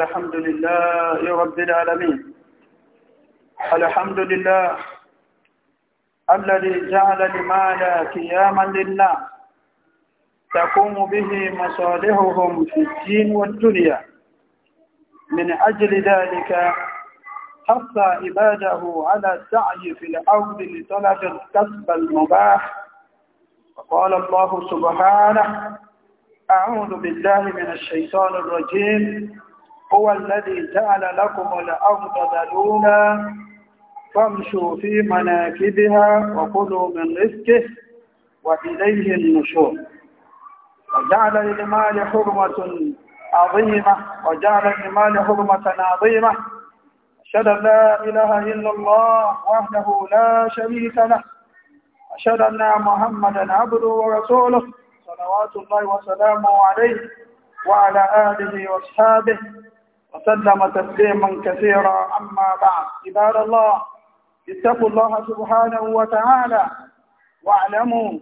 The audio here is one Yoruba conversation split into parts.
الحمد لله رب العالمين الحمد لله الذي جعل المال قياما للناس تقوم به مصالحهم في الدين والدنيا من أجل ذلك حث عباده على السعي في الأرض لطلب الكسب المباح وقال الله سبحانه أعوذ بالله من الشيطان الرجيم هو الذي جعل لكم الأرض ذلولا فامشوا في مناكبها وكلوا من رزقه وإليه النشور وجعل للمال حرمة عظيمة وجعل للمال حرمة عظيمة أشهد أن لا إله إلا الله وحده لا شريك له أشهد أن محمدا عبده ورسوله صلوات الله وسلامه عليه وعلى آله وأصحابه وسلم تسليما كثيرا أما بعد عباد الله اتقوا الله سبحانه وتعالى واعلموا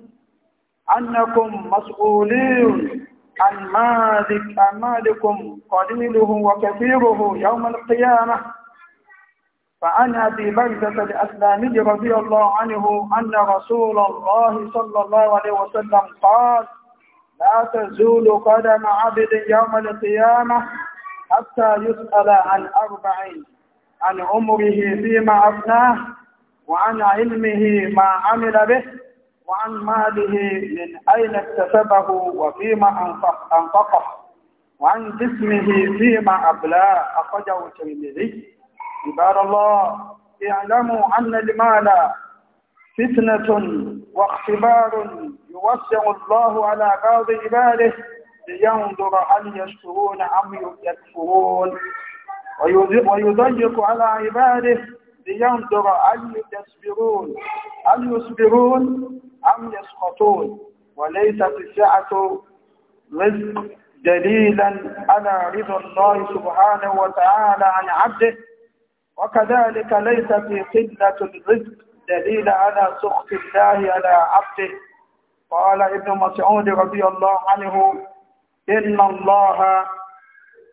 أنكم مسؤولين عن مالك أمالكم قليله وكثيره يوم القيامة فعن أبي بردة الأسلامي رضي الله عنه أن رسول الله صلى الله عليه وسلم قال لا تزول قدم عبد يوم القيامة حتى يسأل عن أربع عن عمره فيما أفناه وعن علمه ما عمل به وعن ماله من أين اكتسبه وفيما أنفقه وعن جسمه فيما أبلاه أخرجه الترمذي عباد الله اعلموا أن المال فتنة واختبار يوسع الله على بعض عباده لينظر هل يشكرون أم يكفرون ويضيق على عباده لينظر هل يصبرون هل يصبرون أم يسقطون وليست الساعة رزق دليلا على رضا الله سبحانه وتعالى عن عبده وكذلك ليس في قلة الرزق دليل على سخط الله على عبده قال ابن مسعود رضي الله عنه إن الله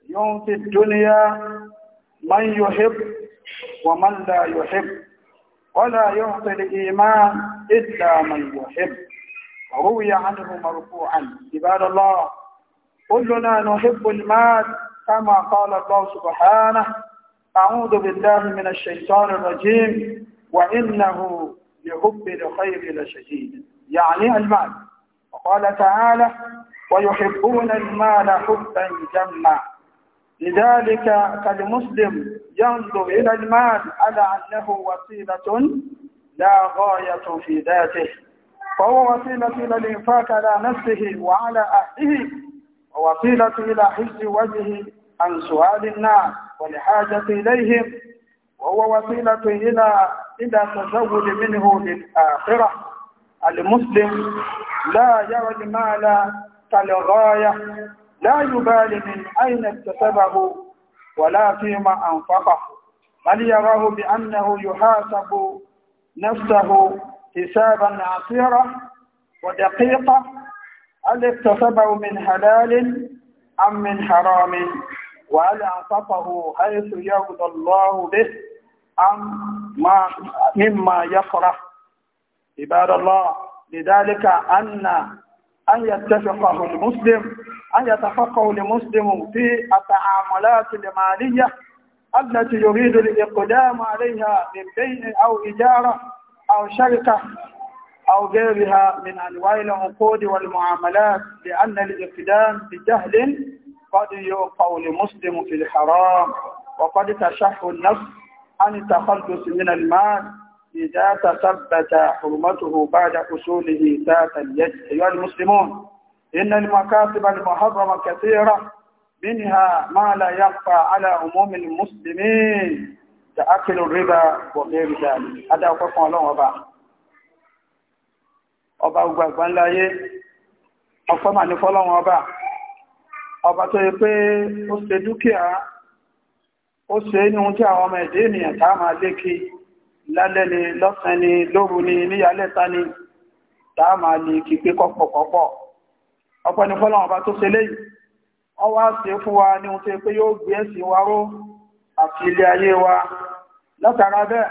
يعطي الدنيا من يحب ومن لا يحب ولا يعطي الإيمان إلا من يحب روي عنه مرفوعا عباد الله كلنا نحب المال كما قال الله سبحانه أعوذ بالله من الشيطان الرجيم وإنه لحب الخير لشديد يعني المال قال تعالى ويحبون المال حبا جما لذلك فالمسلم ينظر إلى المال على أنه وسيلة لا غاية في ذاته فهو وسيلة إلى الإنفاق على نفسه وعلى أهله ووسيلة إلى حفظ وجهه عن سؤال الناس والحاجة إليهم وهو وسيلة إلى إلى تزود منه للآخرة المسلم لا يرى المال كالغاية لا يبالي من أين اكتسبه ولا فيما أنفقه بل يراه بأنه يحاسب نفسه حسابا عصيرا ودقيقا هل اكتسبه من حلال أم من حرام وهل أنفقه حيث يرضى الله به أم ما مما يكره عباد الله لذلك أن أن يتفقه المسلم أن يتفقه المسلم في التعاملات المالية التي يريد الإقدام عليها من بين أو إجارة أو شركة أو غيرها من أنواع العقود والمعاملات لأن الإقدام بجهل قد يوقع المسلم في الحرام وقد تشح النفس عن التخلص من المال إذا تثبت حرمته بعد أصوله ذات اليد أيها المسلمون إن المكاتب المحرمة كثيرة منها ما لا يخفى على عموم المسلمين كأكل الربا وغير ذلك هذا أقف الله أبا ọba gbogbo àgbáńláyé ọfọ́mà ní fọ́lọ́wọ́n ọba ọba tó yẹ pé ó ṣe dúkìá ó ṣe ní ohun lálẹ́ ni lọ́sàn ni lóru ni níyàlẹ́ta ni tàà máa lè kìpé kọ́pọ̀kọ́pọ̀ ọpẹ́ ni fọ́lọ́wọ́n bá tó ṣe léyìí ọwá ṣe fún wa ní ohun tó pé yóò gbé ẹ̀sìn wa ró àti ilé ayé wa látara bẹ́ẹ̀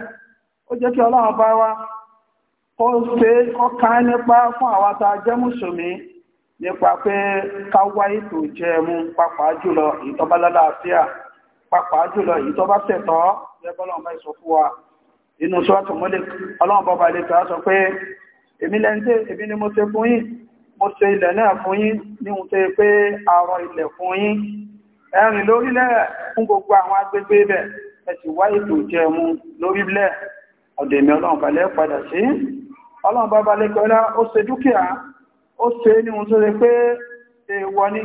ó jẹ́ kí ọlọ́run bá wa ó ṣe ọkà nípa fún àwa tá nípa pé ká wá ètò jẹ mú pàápàá jùlọ ìtọ́bálálàáfíà pàápàá jùlọ ìtọ́bátẹ̀tọ́ ẹgbọ́lọ́run bá ìsọ fún wa inú ṣọ́tù múlẹ̀ ọlọ́run bọ́bá ilẹ̀ tàà sọ pé èmi lẹ́ntẹ́ èmi ni mo ṣe fún yín mo ṣe ilẹ̀ náà fún yín ní ohun tó yẹ pé àrọ ilẹ̀ fún yín ẹ̀rìn lórílẹ̀ fún gbogbo àwọn agbègbè bẹ̀ ẹ sì wá ètò jẹmu lórílẹ̀ ọ̀dọ̀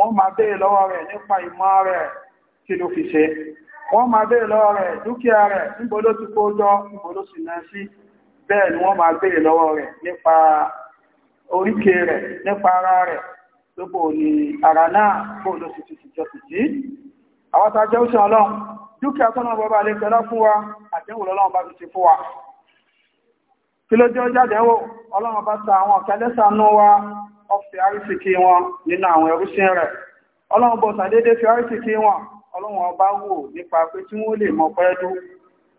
wọ́n máa béèrè lọ́wọ́ rẹ̀ nípa ìmọ̀ rẹ̀ kí ló fi ṣe wọ́n máa lọ́wọ́ rẹ̀ dúkìá rẹ̀ ti kó jọ níbo sì náà sí bẹ́ẹ̀ ni wọ́n máa béèrè lọ́wọ́ rẹ̀ nípa ara rẹ̀ lóbò ní ara náà bó ló sì ti jọ sì jí àwọn tàjẹ́ ọlọ́run dúkìá tọ́nà bọ́bá lè fún wa lọ́lọ́run bá ti fún wa ọ̀fẹ́ àrísìkí wọn nínú àwọn ẹrúsìn rẹ̀ ọlọ́run sàdédé fi àrísìkí wọn ọlọ́run ọba wò nípa pé tí wọ́n lè mọ pẹ́ẹ́dú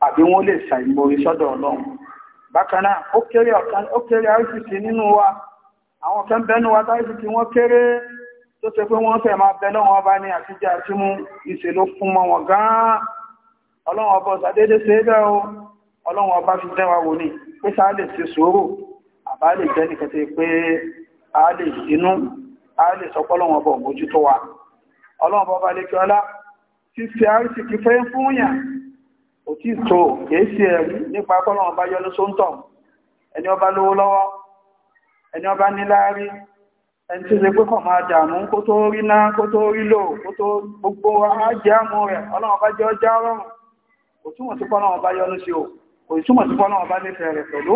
àbí wọ́n lè ṣàìmórí sọ́dọ̀ ọlọ́run ọlọ́run ọba sàdédé ṣe é bẹ́ẹ̀ ọlọ́run ọba fi dẹ́wà ní pé lè ṣe sùúrù àbá lè jẹ́ nìkan pé a lè sínú a lè sọpọ́lọ́wọ́n bọ̀ mójútó wa ọlọ́wọ́n bọ́ bá lè kí ọlá fífi àrísì kí fẹ́ fún yàn ò tí tó èsì ẹ̀rí nípa pọ́lọ́wọ́n bá yọnu sóńtọ̀ ẹni ọba lówó lọ́wọ́ ẹni ọba níláárí ẹni tí ó ṣe pé kọ̀ máa dààmú kó tó rí ná kó tó rí lò kó tó gbogbo ajé àmú rẹ̀ ọlọ́wọ́n bá jẹ́ ọjà rọrùn kò túmọ̀ sí pọ́lọ́wọ́n bá yọnu sí o kò túmọ̀ sí pọ́lọ́wọ́n bá nífẹ̀ẹ́ rẹ̀ pẹ̀lú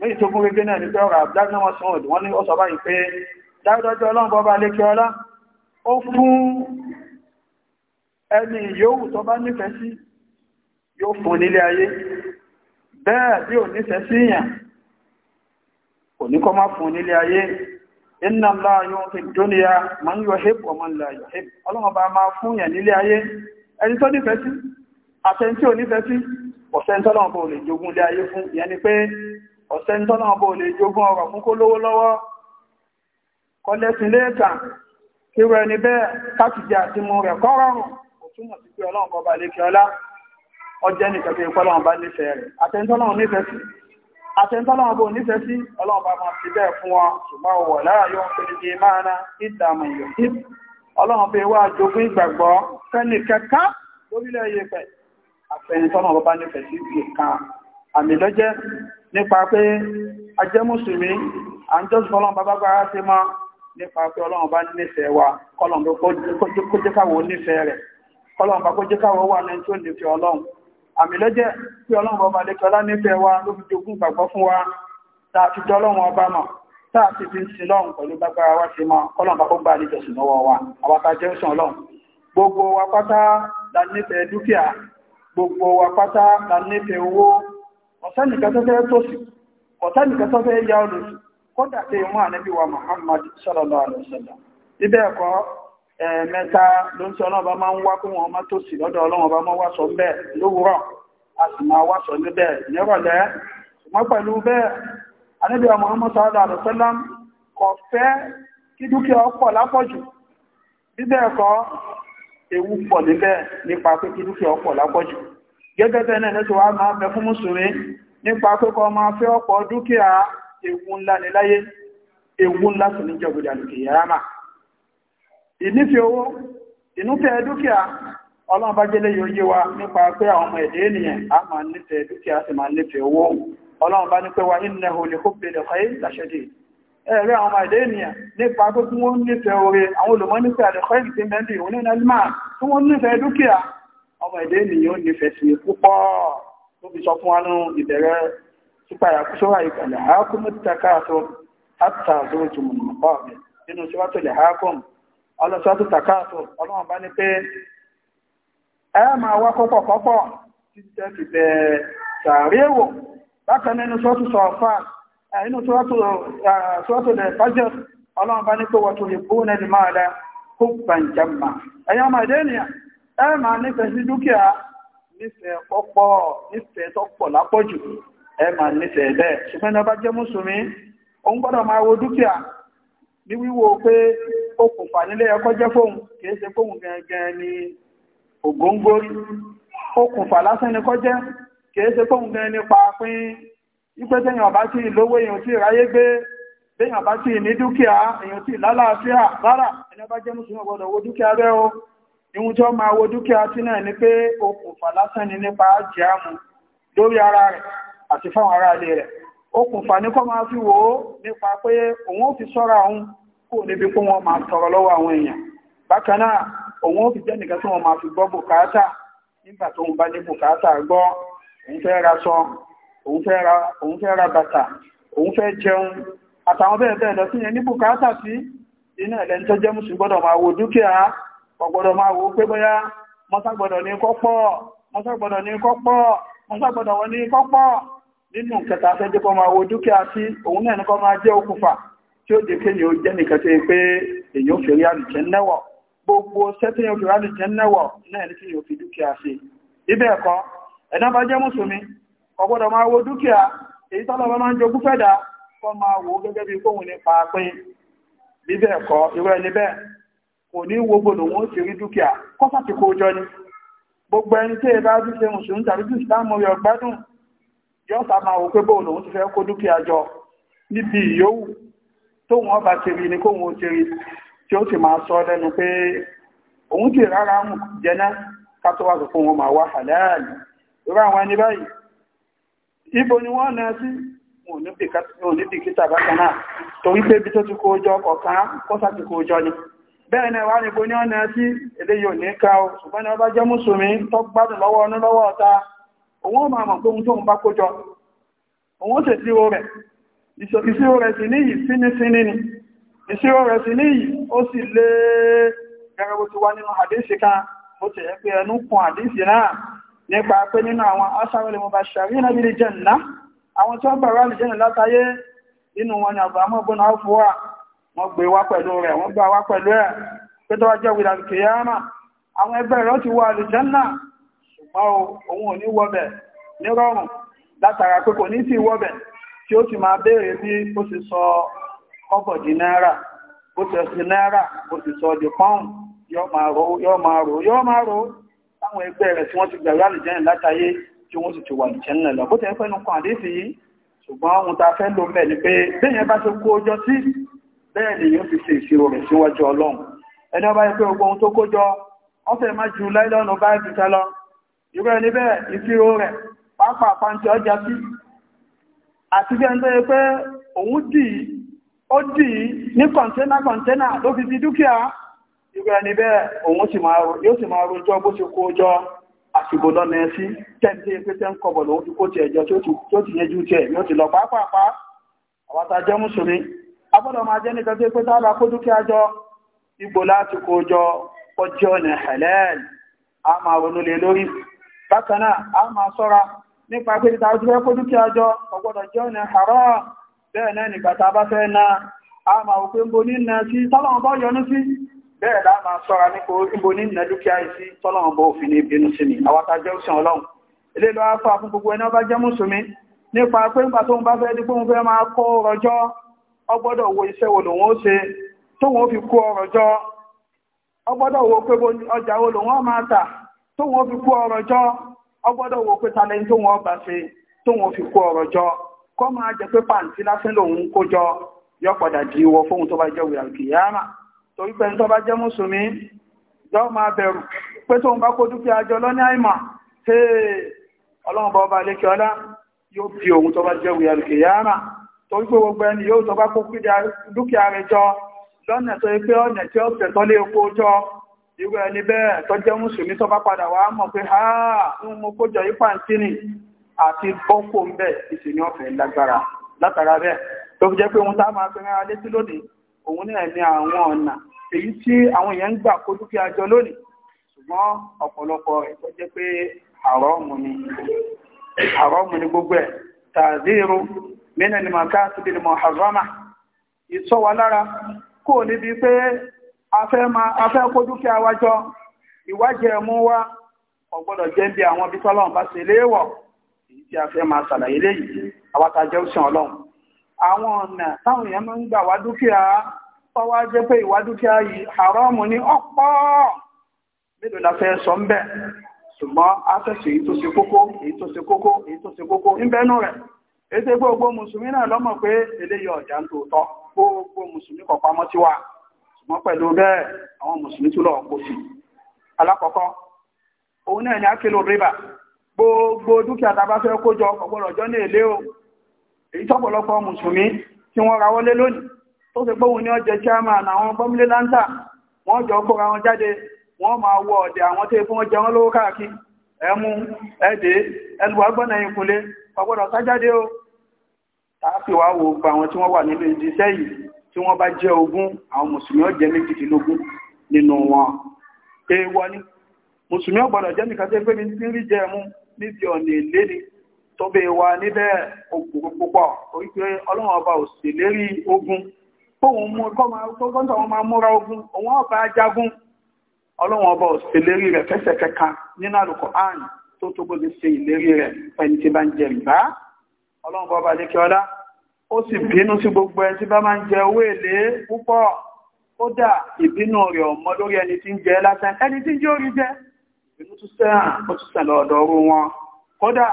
méjì tó gún gẹ́gẹ́ náà ní pé ọ̀rọ̀ àbúdágbọ́n wọn sọ́ọ̀dù wọ́n ní ọ̀sọ̀ báyìí pé dájọ́jọ́ ọlọ́run bọ́bá lékẹ́ ọlá ó fún ẹni yóò tó bá nífẹ̀ẹ́ sí yóò fún nílé ayé bẹ́ẹ̀ bí ò nífẹ̀ẹ́ sí ìyàn kò ní kọ́ má fún nílé ayé inna la yunfi dunya man yuhib wa man la yuhib Ọlọ́run bá máa fún ọ̀sẹ́ ń tọ́nà ọbọ̀ lè jogún ọrọ̀ fún kó lówó lọ́wọ́ kọlẹ́sìn léèkà kíwọ ẹni bẹ́ẹ̀ káàkiri àti mú rẹ̀ kọ́rọ̀rùn òtúmọ̀ sí pé ọlọ́run kọba lékè ọlá ọjẹ́ nìkẹ̀kẹ́ ìpọ́lọ́run bá nífẹ̀ẹ́ rẹ̀ àtẹ́ntọ́lọ́run nífẹ̀ẹ́ sí ọlọ́run bá máa fi bẹ́ẹ̀ fún wọn ṣùgbọ́n wọ̀ lára yóò ń pè ní di máa ná ìdààmú ìyọ̀ ọlọ́run fi wá jogún ìgbàgbọ́ fẹ́nìkẹ́ká àmì lọ́jẹ́ nípa pé ajẹ́ mùsùlùmí à ń jọ́sùn fọ́lọ́n bàbá gbára sí mọ́ nípa pé ọlọ́run bá nífẹ̀ẹ́ wa kọ́lọ̀n bá kó jẹ́ káwọ́ nífẹ̀ẹ́ rẹ̀ kọ́lọ̀n bá kó jẹ́ káwọ́ wà ní tí ó nífẹ̀ẹ́ ọlọ́run àmì lọ́jẹ́ pé ọlọ́run bá lè kọ́lá nífẹ̀ẹ́ wa ló fi jogún gbàgbọ́ fún wa ti fi ń sin lọ́run pẹ̀lú gbàgbára wa sí mọ́ kọ́lọ̀n kó gbà níjọsìn lọ́wọ́ wa àwọn jẹ́ sàn ọlọ́run gbogbo wa pátá la nífẹ̀ẹ́ dúkìá gbogbo wa pátá la nífẹ̀ẹ́ owó ọ̀sánìkan tó fẹ́ tó sí ọ̀sánìkan tó fẹ́ yá olùsù kọ́dà tẹ mú ànábì wa Muhammad sallallahu alaihi wasallam ibẹ̀ ẹ̀kọ́ mẹ́ta ló ń sọ ọlọ́ọ̀bá máa ń wá kún wọn má tó sì lọ́dọ̀ ọlọ́wọ́n bá máa wá sọ bẹ́ẹ̀ lówùrọ̀ a sì máa wá sọ níbẹ̀ nírọ̀lẹ́ ṣùgbọ́n pẹ̀lú bẹ́ẹ̀ ànábì wa Muhammad sallallahu alaihi wasallam kò fẹ́ kí dúkìá ọ̀pọ̀ lápọ̀jù bíbẹ̀ ẹ̀kọ́ ewu pọ̀ níbẹ̀ nípa pé kí lápọ̀jù gẹ́gẹ́ bẹ́ẹ̀ náà lẹ́tọ̀ wá máa bẹ fún mùsùlùmí nípa pẹ́kọ́ máa fẹ́ ọ̀pọ̀ dúkìá ewu ńlá ní láyé ewu ńlá sì ní jẹ̀gbẹ̀dà lòkè yàrámà ìnífẹ́ owó ìnúfẹ́ dúkìá ọlọ́run bá jẹ́lé yóò yé wa nípa pé àwọn ọmọ èdè ènìyàn a máa nífẹ́ dúkìá sì máa nífẹ́ owó ọlọ́run bá ní pé wa ilẹ̀ olè kó bèèrè ọ̀hẹ́ ìtàṣẹ́dì ẹ̀rẹ́ àwọn ọmọ èdè ènìyàn nípa pé kí wọ́n nífẹ́ oore àwọn olùmọ́ nífẹ́ àdẹ̀kọ́ ìgbìmẹ́lì òun ní nàìjíríà tí wọ́n nífẹ́ dúkìá ọmọ èdè ènìyàn nífẹ̀ẹ́ sí púpọ̀ tó fi sọ fún wa nínú ìbẹ̀rẹ̀ sípàyà sóra ìpàlẹ̀ àákùnmù takaso àtàzó jùmùnà mọ̀pá mi nínú síwájú ilẹ̀ àákùn ọlọ́sọ́tù takaso ọlọ́run bá ní pé ẹ máa wá kọ́pọ̀ kọ́pọ̀ títẹ́ ti bẹ sàárè wò bákan nínú sọ́tù sọ̀fà inú sọ́tù ilẹ̀ fájẹ́ ọlọ́run bá ní pé wọ́n tó lè bú ẹ n'ifesi nífẹ̀ẹ́ sí dúkìá nífẹ̀ẹ́ pọ́pọ́ nífẹ̀ẹ́ tọ́pọ̀ lápọ̀jù ẹ máa bẹ́ẹ̀ ṣùgbọ́n ọba jẹ́ mùsùlùmí gbọ́dọ̀ máa wo dúkìá ní wíwo pé okùnfà nílé ẹkọ́ jẹ́ fóun kìí ṣe fóun gẹ̀ẹ́gẹ́ ni ògóńgórí okùnfà lásán ni kìí ṣe fóun gẹ̀ẹ́ wípé tẹ́yìn ọba tí èèyàn tí ìráyé gbé tẹ́yìn ọba tí dúkìá èèyàn tí rárá ẹni ọba jẹ́ mùsùlùmí ọgbọ́dọ̀ wo dúkìá o ìhun tí máa wo dúkìá tí náà ni pé okùnfà lásán ni nípa jẹ́ àmú lórí ara rẹ̀ àti fáwọn ará ilé okùnfà ní kọ́ fi wò ó nípa pé òun fi sọ́ra òun kò níbi wọn máa tọrọ lọ́wọ́ àwọn èèyàn bákan náà òun ó fi jẹ́ nìkan fi gbọ́ bùkátà nígbà tó ń bá ní bùkátà gbọ́ òun fẹ́ ra sọ òun fẹ́ ra bàtà òun fẹ́ jẹun àtàwọn bẹ́ẹ̀ bẹ́ẹ̀ lọ sí yẹn ní bùkátà sí ẹ̀lẹ́ni wo dúkìá ọgbọ́dọ̀ máa wò ó pé bóyá mọ́sàgbọ́dọ̀ ní kọ́pọ̀ ní kọ́pọ̀ wọ́n ní kọ́pọ̀ nínú kẹta fẹ́jẹ́ máa wo dúkìá sí òun náà nìkan máa jẹ́ okùnfà tí ó jẹ́ kéèyàn ó jẹ́ nìkan tó yẹ pé ò fi rí àlùjẹ́ nẹ́wọ̀ gbogbo sẹ́tìyàn fi rí nẹ́wọ̀ náà ní fi dúkìá sí ibẹ̀ ẹ̀kọ́ bá jẹ́ mùsùlùmí ọgbọ́dọ̀ máa wo dúkìá èyí bá máa ń jogún fẹ́dà kọ́ máa wo gẹ́gẹ́ kò ní gbogbo lòun ó ti rí dúkìá kọ́sà kó jọ ni gbogbo ẹni tí ẹ bá rí ṣe mùsùlùmí tàbí tí ìsìlámù rẹ̀ gbádùn yóò sá máa wò pé lòun ti fẹ́ kó dúkìá jọ níbi ìyówù tóun ọba ti rí ni ó ti tí ó sì máa sọ lẹ́nu pé òun ti rárá mù wà fún wọn máa wá ibo ni wọ́n na sí torí pé ibi tó ti kó jọ ni bẹ́ẹ̀ na wọ́n ni bó ní ọ̀nà tí èdè yóò ní o ṣùgbọ́n ni ọba jẹ́ mùsùlùmí tó gbádùn lọ́wọ́ ọ̀nà lọ́wọ́ ọ̀ta òun ọmọ àmọ̀ pé ohun tó ń bá kójọ òun sì sí rẹ̀ ìṣòkìsíwò rẹ̀ sí ní yìí fínífíní ni ìṣòro rẹ̀ sí wọ́n gbé wá pẹ̀lú rẹ̀ wọ́n gbá wá pẹ̀lú ẹ̀ pé tó wá jẹ́ wìlà kìíyàmà àwọn ẹgbẹ́ rẹ̀ ti wọ àlùjànnà ṣùgbọ́n òun ò nírọ̀rùn tí wọ́n sì ti wà àlùjànnà lọ bó ti fẹ́nu kan àdéhìí ṣùgbọ́n ohun ta fẹ́ lò mẹ́ ni pé bẹ́yẹn bá ṣe kó ọjọ́ sí bẹ́ẹ̀ ni yóò fi ṣe ìṣirò rẹ̀ síwájú ọlọ́run ẹni ọba yẹ pé ohun tó kójọ wọ́n ma má ju láìlọ́nù báàgì tẹ ẹni bẹ́ẹ̀ ìṣirò rẹ̀ pápá pàǹtí ọjà sí àti bí ẹni tó yẹ pé òun dì ó dì ní kọ̀ǹtẹ́nà kọ̀ǹtẹ́nà ló fi di dúkìá irú ẹni bẹ́ẹ̀ òun yóò sì máa rojọ́ bó ṣe kó lọ agbọ́dọ̀ máa jẹ́ nìkan tó pé tààbà kó dúkìá jọ igbò láti kó jọ ọjọ́ ọ̀nà halal a máa ronú lé lórí bákan náà a máa ṣọ́ra nípa pé tààbà tó fẹ́ kó dúkìá jọ ọgbọ́dọ̀ jẹ́ ọ̀nà haram bẹ́ẹ̀ náà na a máa òpé ń bo ní na sí tọ́lọ́wọ́n bọ́ yọnú sí bẹ́ẹ̀ lá máa ṣọ́ra nípa ń bo ní na dúkìá yìí ni àwọn tajẹ́ òsìn ọlọ́run ilé lọ́wọ́ fún àfún gbogbo ọ gbọdọ wo iṣẹ́ wo lòun ó ṣe tóun ó fi kú ọrọ̀ jọ ọ wo pé ọjà wo lòun ọ máa tà fi kú ọrọ̀ jọ ọ wo pé talẹ́ni tó ó bá ṣe tó ó fi kú ọrọ̀ jọ kọ́ máa jẹ pé pàǹtí lásán lòun jọ yọ padà di ìwọ fóun tó bá jẹ́ kìyàmà torí pé tó bá jẹ́ mùsùlùmí yọ máa bẹ̀rù pé bá kó dúkìá jọ ọba lékè ọlá yóò òun torí pé gbogbo ẹni yóò tọ́ bá kó dúkìá rẹ̀ jọ lọ́nà tó yẹ pé ọ̀nà tí lé jọ irú ẹni bẹ́ẹ̀ tó jẹ́ mùsùlùmí tó bá padà wá mọ̀ pé ha ń mú kójọ yí pàǹtí àti bọ́kò ń bẹ̀ lágbára bẹ́ẹ̀ tó jẹ́ pé ohun tá a fi rán alé sí lónìí òun náà ní àwọn ọ̀nà èyí tí àwọn èèyàn gbà kó dúkìá jọ lónìí ṣùgbọ́n ni gbogbo ẹ̀ mene ni màkà síbi ni mọ̀hàrámà ìṣọ́ wa lára kò níbi pé afẹ́ kó dúkìá wa jọ mú wa ọgbọ́dọ̀ jẹ́ bí àwọn bí tọ́lọ́run bá ṣe èyí tí a fẹ́ àwọn ọ̀nà táwọn èèyàn máa ń gbà wá dúkìá jẹ́ pé yìí haramu ní ọ̀pọ̀ mélòó la fẹ́ sọ ń bẹ̀ ṣùgbọ́n èyí tó ṣe kókó èyí tó ṣe ètò gbogbo mùsùlùmí náà lọ́mọ̀ pé eléyìí ọ̀jà ń tòótọ́ gbogbo ụtọ kọ̀ pamọ́ sí wa ṣùgbọ́n pẹ̀lú bẹ́ẹ̀ àwọn mùsùlùmí tún lọ kó sí alákọ̀ọ́kọ́ òun náà akílò rìbà gbogbo dúkìá tá fẹ́ kójọ ọ̀gbọ́dọ̀ jọ ní èlé o èyí tọ́pọ̀lọpọ̀ tí wọ́n lónìí tó ní ọjẹ́ jáde wọ́n máa wọ ọ̀dẹ̀ àwọn tó fún wọn ẹmú ẹdẹ ẹlùwà gbọ́nà ìkúnlé ọgbọ́dọ̀ sájáde o tààfi wá wo gba àwọn tí wọ́n wà nínú ìdíṣẹ́ yìí tí wọ́n bá jẹ́ ogún àwọn mùsùlùmí ó jẹ́ méjìdínlógún nínú wọn pé wọ́n ní mùsùlùmí ó gbọ́dọ̀ jẹ́ nìkan tẹ́ pé ní tí ń rí jẹ mú níbi ọ̀nà tó bẹ ogun fóun mú kọ́ máa múra ogun òun ọba ọlọ́wọ́n ọba òṣèlérí rẹ̀ fẹ́sẹ̀ kẹka nínú àlùkò àrùn tó tó gbogbo ṣe ìlérí rẹ̀ pẹ̀lú tí bá ń jẹ ìbá ọlọ́wọ́n ọba lékè ọlá ó sì bínú sí gbogbo ẹni tí bá máa ń jẹ owó èlé púpọ̀ kódà ìbínú rẹ̀ ọmọ lórí ẹni tí ń jẹ lásán ẹni tí ń jẹ́ orí jẹ́ ìbínú tún sẹ́hàn ó tún sẹ̀ lọ́dọ̀ ọrú wọn kódà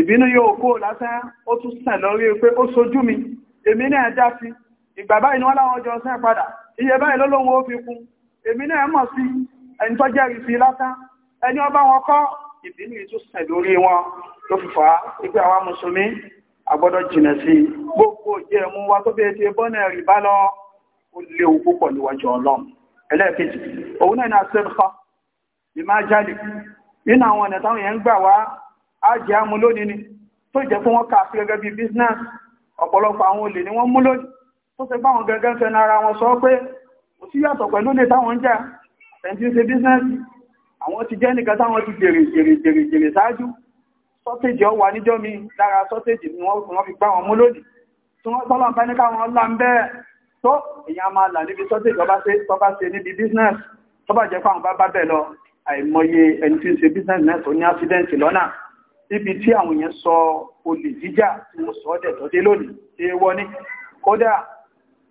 ìbínú yóò kó lásán ó tún sẹ̀ lórí pé ó sojú mi èmi náà dá sí ìgbà báyìí ni wọ́n láwọn ọjọ́ sẹ́ padà iye báyìí lọ́lọ́wọ́ ó fi kún èmi náà mọ̀ sí ẹni tó jẹ́ ìfi lásán ẹni ọba wọn kọ́ ìbínú ìtúsẹ̀ lórí wọn ló fi fà á mùsùlùmí àgbọ́dọ̀ jìnà sí gbogbo jẹ́ mú wa tó bẹ́ẹ̀ tí bọ́nà rí bá lọ ó léwu púpọ̀ níwájú ọlọ́run ẹlẹ́ẹ̀kejì òun náà ni àṣẹ́fà ní máa jáde nínú àwọn ọ̀nà táwọn èèyàn gbà wá á jẹ́ amú lónìí ni tó jẹ́ fún wọn kà sí gẹ́gẹ́ bí business ọ̀pọ̀lọpọ̀ àwọn olè ni wọ́n mú lónìí tó ṣe bá wọn gẹ́gẹ́ fẹ́ ara wọn sọ pé kò sí yàtọ̀ pẹ̀lú lè táwọn ń jà ẹ̀ntí ṣe bísẹ́ǹsì àwọn ti jẹ́ nìkan táwọn ti jèrè jèrè jèrè jèrè ṣáájú sọ́tẹ́jì ọwà níjọ́ mi lára sọ́tẹ́jì ni wọ́n fi gbá wọn mú lónìí tí wọ́n tọ́lọ̀ fẹ́ ní káwọn ńlá ń bẹ́ẹ̀ tó èyàn máa là níbi sọ́tẹ́jì tọ́bá ṣe níbi bísínẹ́sì tọ́bà jẹ́ fáwọn bá bá bẹ̀ lọ àìmọye ẹni tí ń ṣe bísínẹ́sì náà tó ní ásídẹ́ǹtì lọ́nà níbi tí àwọn èèyàn sọ olè jíjà tí wọ́n sọ ọ́dẹ̀ tó dé lónìí èèwọ̀ ni kódà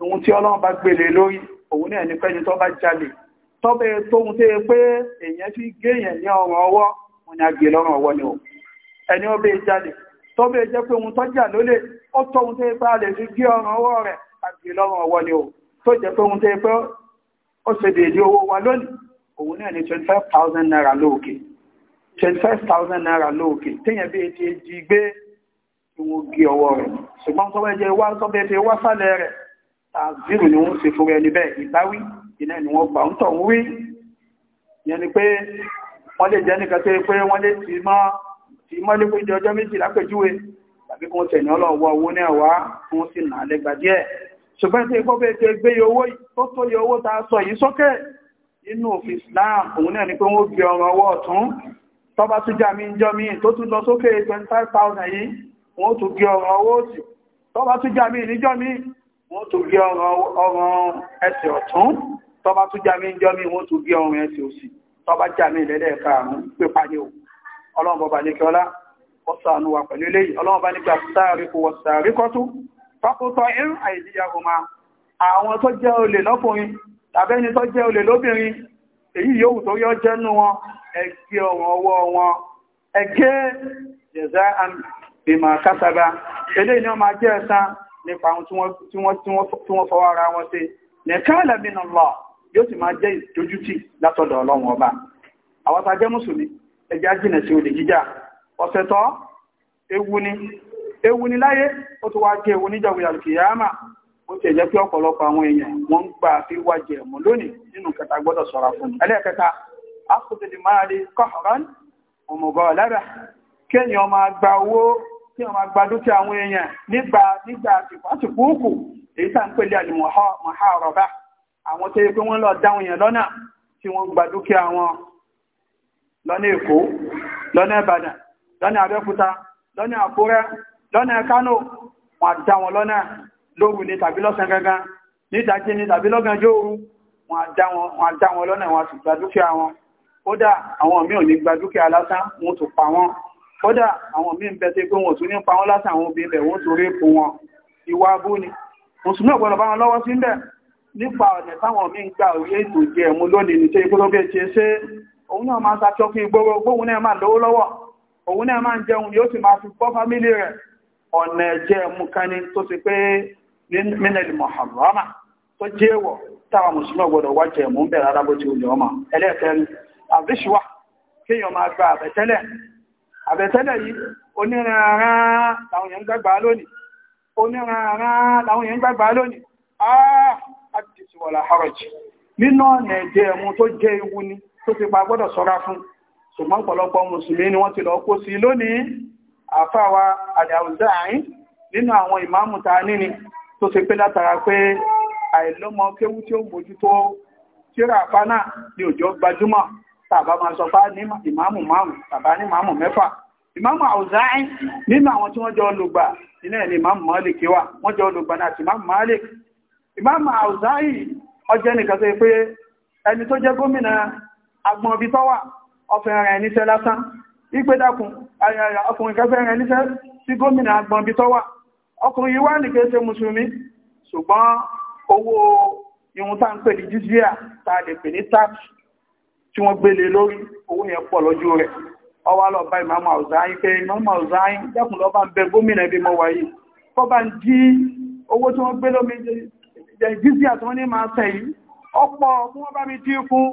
ohun tí Ọlọ́run bá gbélé lórí òun náà ní pẹ́ni tó bá jalè tọ́bẹ̀ tóhun tẹ́ pé èyàn fi gẹ́yàn ní ọ̀rọ̀ ọwọ́ òní àgbè lọ́rọ̀ ọwọ́ ni ò ẹni ó bẹ́ jalè tọ́bẹ̀ jẹ́ pé ohun tọ́jà lólè ó tóhun tẹ́ pé a lè fi gé ọ̀rọ̀ ọwọ́ rẹ̀ àgbè lọ́rọ̀ ọwọ́ ni ò tó jẹ́ pé ohun tẹ́ pé ó ṣe dèdè owó wa lónìí òun náà ni 25,000 naira lóòkè 25,000 naira lóòkè iná ni wọ́n gbà ń tọ̀ ń wí yẹn ni pé wọ́n lè jẹ́ nìkan tó pé wọ́n lè ti mọ́ ti mọ́ lé pé ọjọ́ méjì lápèjúwe tàbí kí wọ́n tẹ̀yìn ọlọ́wọ́ owó ní ẹ̀wá kí wọ́n sì lẹ́gbà díẹ̀ ṣùgbọ́n tí ikọ́ bẹ́ẹ̀ tẹ gbé owó tó tó yẹ owó ta sọ yìí sókè nínú òfin Islam òun náà ni pé wọ́n gbé ọrọ̀ ọwọ́ ọ̀tún tọ́ba tún já mi ń jọ mi tó tún lọ sókè 25,000 yìí wọ́n tún gbé ọrọ̀ ọwọ́ òsì tọ́ba tún já mi níjọ́ mi wọ́n tún gbé ọrọ̀ ẹsẹ̀ ọ̀tún tọba tún já mi ń jọ́ mi wọ́n tún gé ọrùn ẹsẹ̀ òsì tọba já mi lẹ́lẹ́ karùn-ún pípa ní o ọlọ́run bọba ní kíọ́lá ó ṣàánú wa pẹ̀lú eléyìí ọlọ́run bá nígbà sáàrí kò wọ sàárì kọ́tú fọ́kútọ̀ ẹ̀rùn àìdíyà ọmọ àwọn tó jẹ́ olè lọ́kùnrin tàbẹ́ni tó jẹ́ olè lóbìnrin èyí yóò tó yọ jẹ́nu wọn ẹgbẹ́ ọ̀rọ̀ ọwọ́ wọn ẹgbẹ́ jẹ̀zá àmìmọ̀ kásàbá eléyìí ni wọ́n máa jẹ́ ẹ̀san nípa àwọn tí wọ́n fọwọ́ ara wọn sí nìkan lẹ́mìnà lọ́ọ̀ yóò sì máa jẹ́ ìdójútì látọ̀dọ̀ ọlọ́run ọba àwọn tá a jẹ́ mùsùlùmí ẹja jìnà sí olè jíjà ọ̀sẹ̀ tán ewu ni ewu ni láyé ó ti wá jẹ́ ewu níjọba ìyàlùkìyàmà ó ti jẹ́ pé ọ̀pọ̀lọpọ̀ àwọn èèyàn wọ́n ń gbà fi wá jẹ ẹ̀mú lónìí nínú kẹta gbọ́dọ̀ sọ̀ra fún ẹlẹ́ẹ̀kẹta àwọn tó yẹ pé wọ́n lọ dáhùn yẹn lọ́nà tí wọ́n gba dúkìá wọn lọ́nà èkó lọ́nà ìbàdàn lọ́nà abẹ́kúta lọ́nà àkúrẹ́ lọ́nà kánò wọ́n dá wọn lọ́nà lóru ní tàbí lọ́sàn gangan nítají ní tàbí lọ́gànjọ́ òru wọ́n dá wọn lọ́nà wọ́n sì gba dúkìá wọn kódà àwọn míì ò ní gba dúkìá lásán wọ́n tún pa wọn kódà àwọn míì ń bẹ tí pé wọ́n nípa ọ̀nà táwọn mí ń gba orí ètò jẹ ẹ̀mú lónìí ní tó ikú ló bẹ́ẹ̀ ṣe ṣe òun náà máa sàtọ́ fún ìgbóró gbóhun náà máa lówó lọ́wọ́ òun náà jẹun sì fi gbọ́ fámílì rẹ̀ ọ̀nà ẹ̀jẹ̀ ẹ̀mú tó ti pé tó mùsùlùmí jẹ ẹ̀mú bẹ̀rẹ̀ ti ọmọ sí wọ́la harajì nínú ọ̀nà ẹ̀jẹ̀ ẹ̀mú tó jẹ́ ewu ni tó ti pa gbọ́dọ̀ sọ́ra fún ṣùgbọ́n ọ̀pọ̀lọpọ̀ mùsùlùmí ni wọ́n ti lọ kó sí lónìí àfáwa àdàwùdáàín nínú àwọn ìmáàmù ta níni tó ti pé látara pé àìlọ́mọ kéwú tí ó mójútó tíra àfánà ni òjò gbajúmọ̀ tàbá máa sọ bá ní ìmáàmù márùn tàbá ní ìmáàmù mẹ́fà ìmáàmù àwùdáàín nínú àwọn tí wọ́n jọ lùgbà ilẹ̀ ní ìmáàmù Málíkì wà wọ́n jọ lùgbà náà ti ìmáàmù Málíkì ìmáàmù àwùzáì ọjẹ́ nìkan tó pé ẹni tó jẹ́ gómìnà agbọ̀nbí tó wà ọfẹ́ rẹ̀ níṣẹ́ lásán wípé dákun a lè pè ní tax tí wọ́n gbélé lórí owó yẹn pọ̀ lójú rẹ̀ ọwá lọ bá ìmáàmù àwùzáyín pé ìmáàmù àwùzáyín dẹ́kùn lọ bá ń bẹ gómìnà ibi mọ́ wáyé kọ́ bá ń dí owó tí wọ́n gbé lómi jíjí àtúnwọ́n ní máa tẹ̀ yìí ọ̀pọ̀ tí wọ́n bá mi dí fún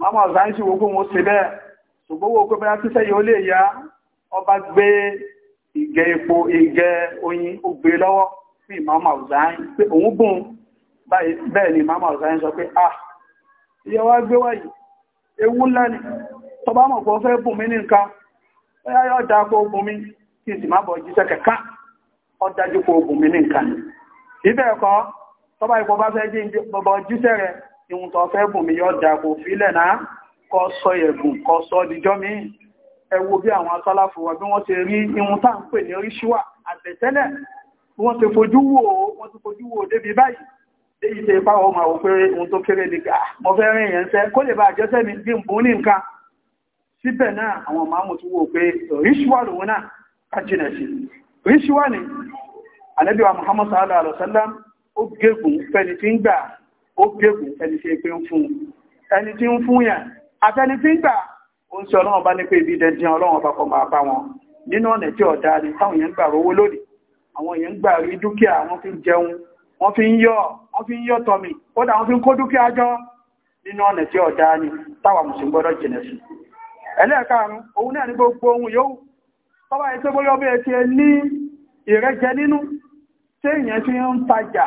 mama ọ̀sán sí gbogbo wọn ṣe bẹ́ẹ̀ ṣùgbọ́n owó pé bẹ́ẹ̀ tíṣẹ́ yóò lè yá ọba gbé ìgẹ́ epo ìgẹ́ oyin ó gbé e lọ́wọ́ fún ìmama ọ̀sán pé òun bùn bẹ́ẹ̀ ni mama ọ̀sán sọ ah iye wá gbé wáyìí ewu ńlá ni tọba mọ̀ pé ó fẹ́ bùn mí ní nǹkan bóyá yóò dá pé ó bùn tọ́bá ipò bá fẹ́ jí bọ̀bọ̀ jíṣẹ́ rẹ̀ ihun tó fẹ́ bùn mi yọ dàgbò fílẹ̀ náà kọ́ sọ ẹ̀gùn kọ́ sọ dìjọ́ mi ẹ wo bí àwọn asálàfò wa bí wọ́n ti rí ihun tá ń pè ní ríṣíwà àtẹ̀tẹ́lẹ̀ wọ́n ti fojú wò ó débi báyìí èyí tẹ ipá ọmọ àwọn pé ni gà ah, mọ fẹ́ rìn yẹn sẹ́ kó lè bá àjọṣẹ́ mi ni ànábì Muhammad sallallahu alaihi ó gégùn fẹni tí ń gbà ó gégùn ẹni tí pé ń fún ẹni tí ń fún yàn àtẹni tí ń gbà ó ń sọ ọlọ́run bá ní pé ibi dẹ̀dẹ̀ ọlọ́run bá kọ máa bá wọn nínú ọ̀nà tí ọ̀dá ni táwọn èèyàn ń gbà rówó lónìí àwọn èèyàn ń gbà rí dúkìá wọ́n fi ń jẹun wọ́n fi ń yọ́ wọ́n fi ń yọ́ tọmì kódà wọ́n fi ń kó dúkìá jọ nínú ọ̀nà tí ọ̀dá ni táwa mùsùlùmí gbọ́dọ̀ jìnà sí ẹlẹ́ẹ̀karùn òun náà ní gbogbo ohun yóò tọ́wọ́ ẹ̀ tó bóyọ́ bí ní ìrẹ́jẹ nínú tí èèyàn fi ń tajà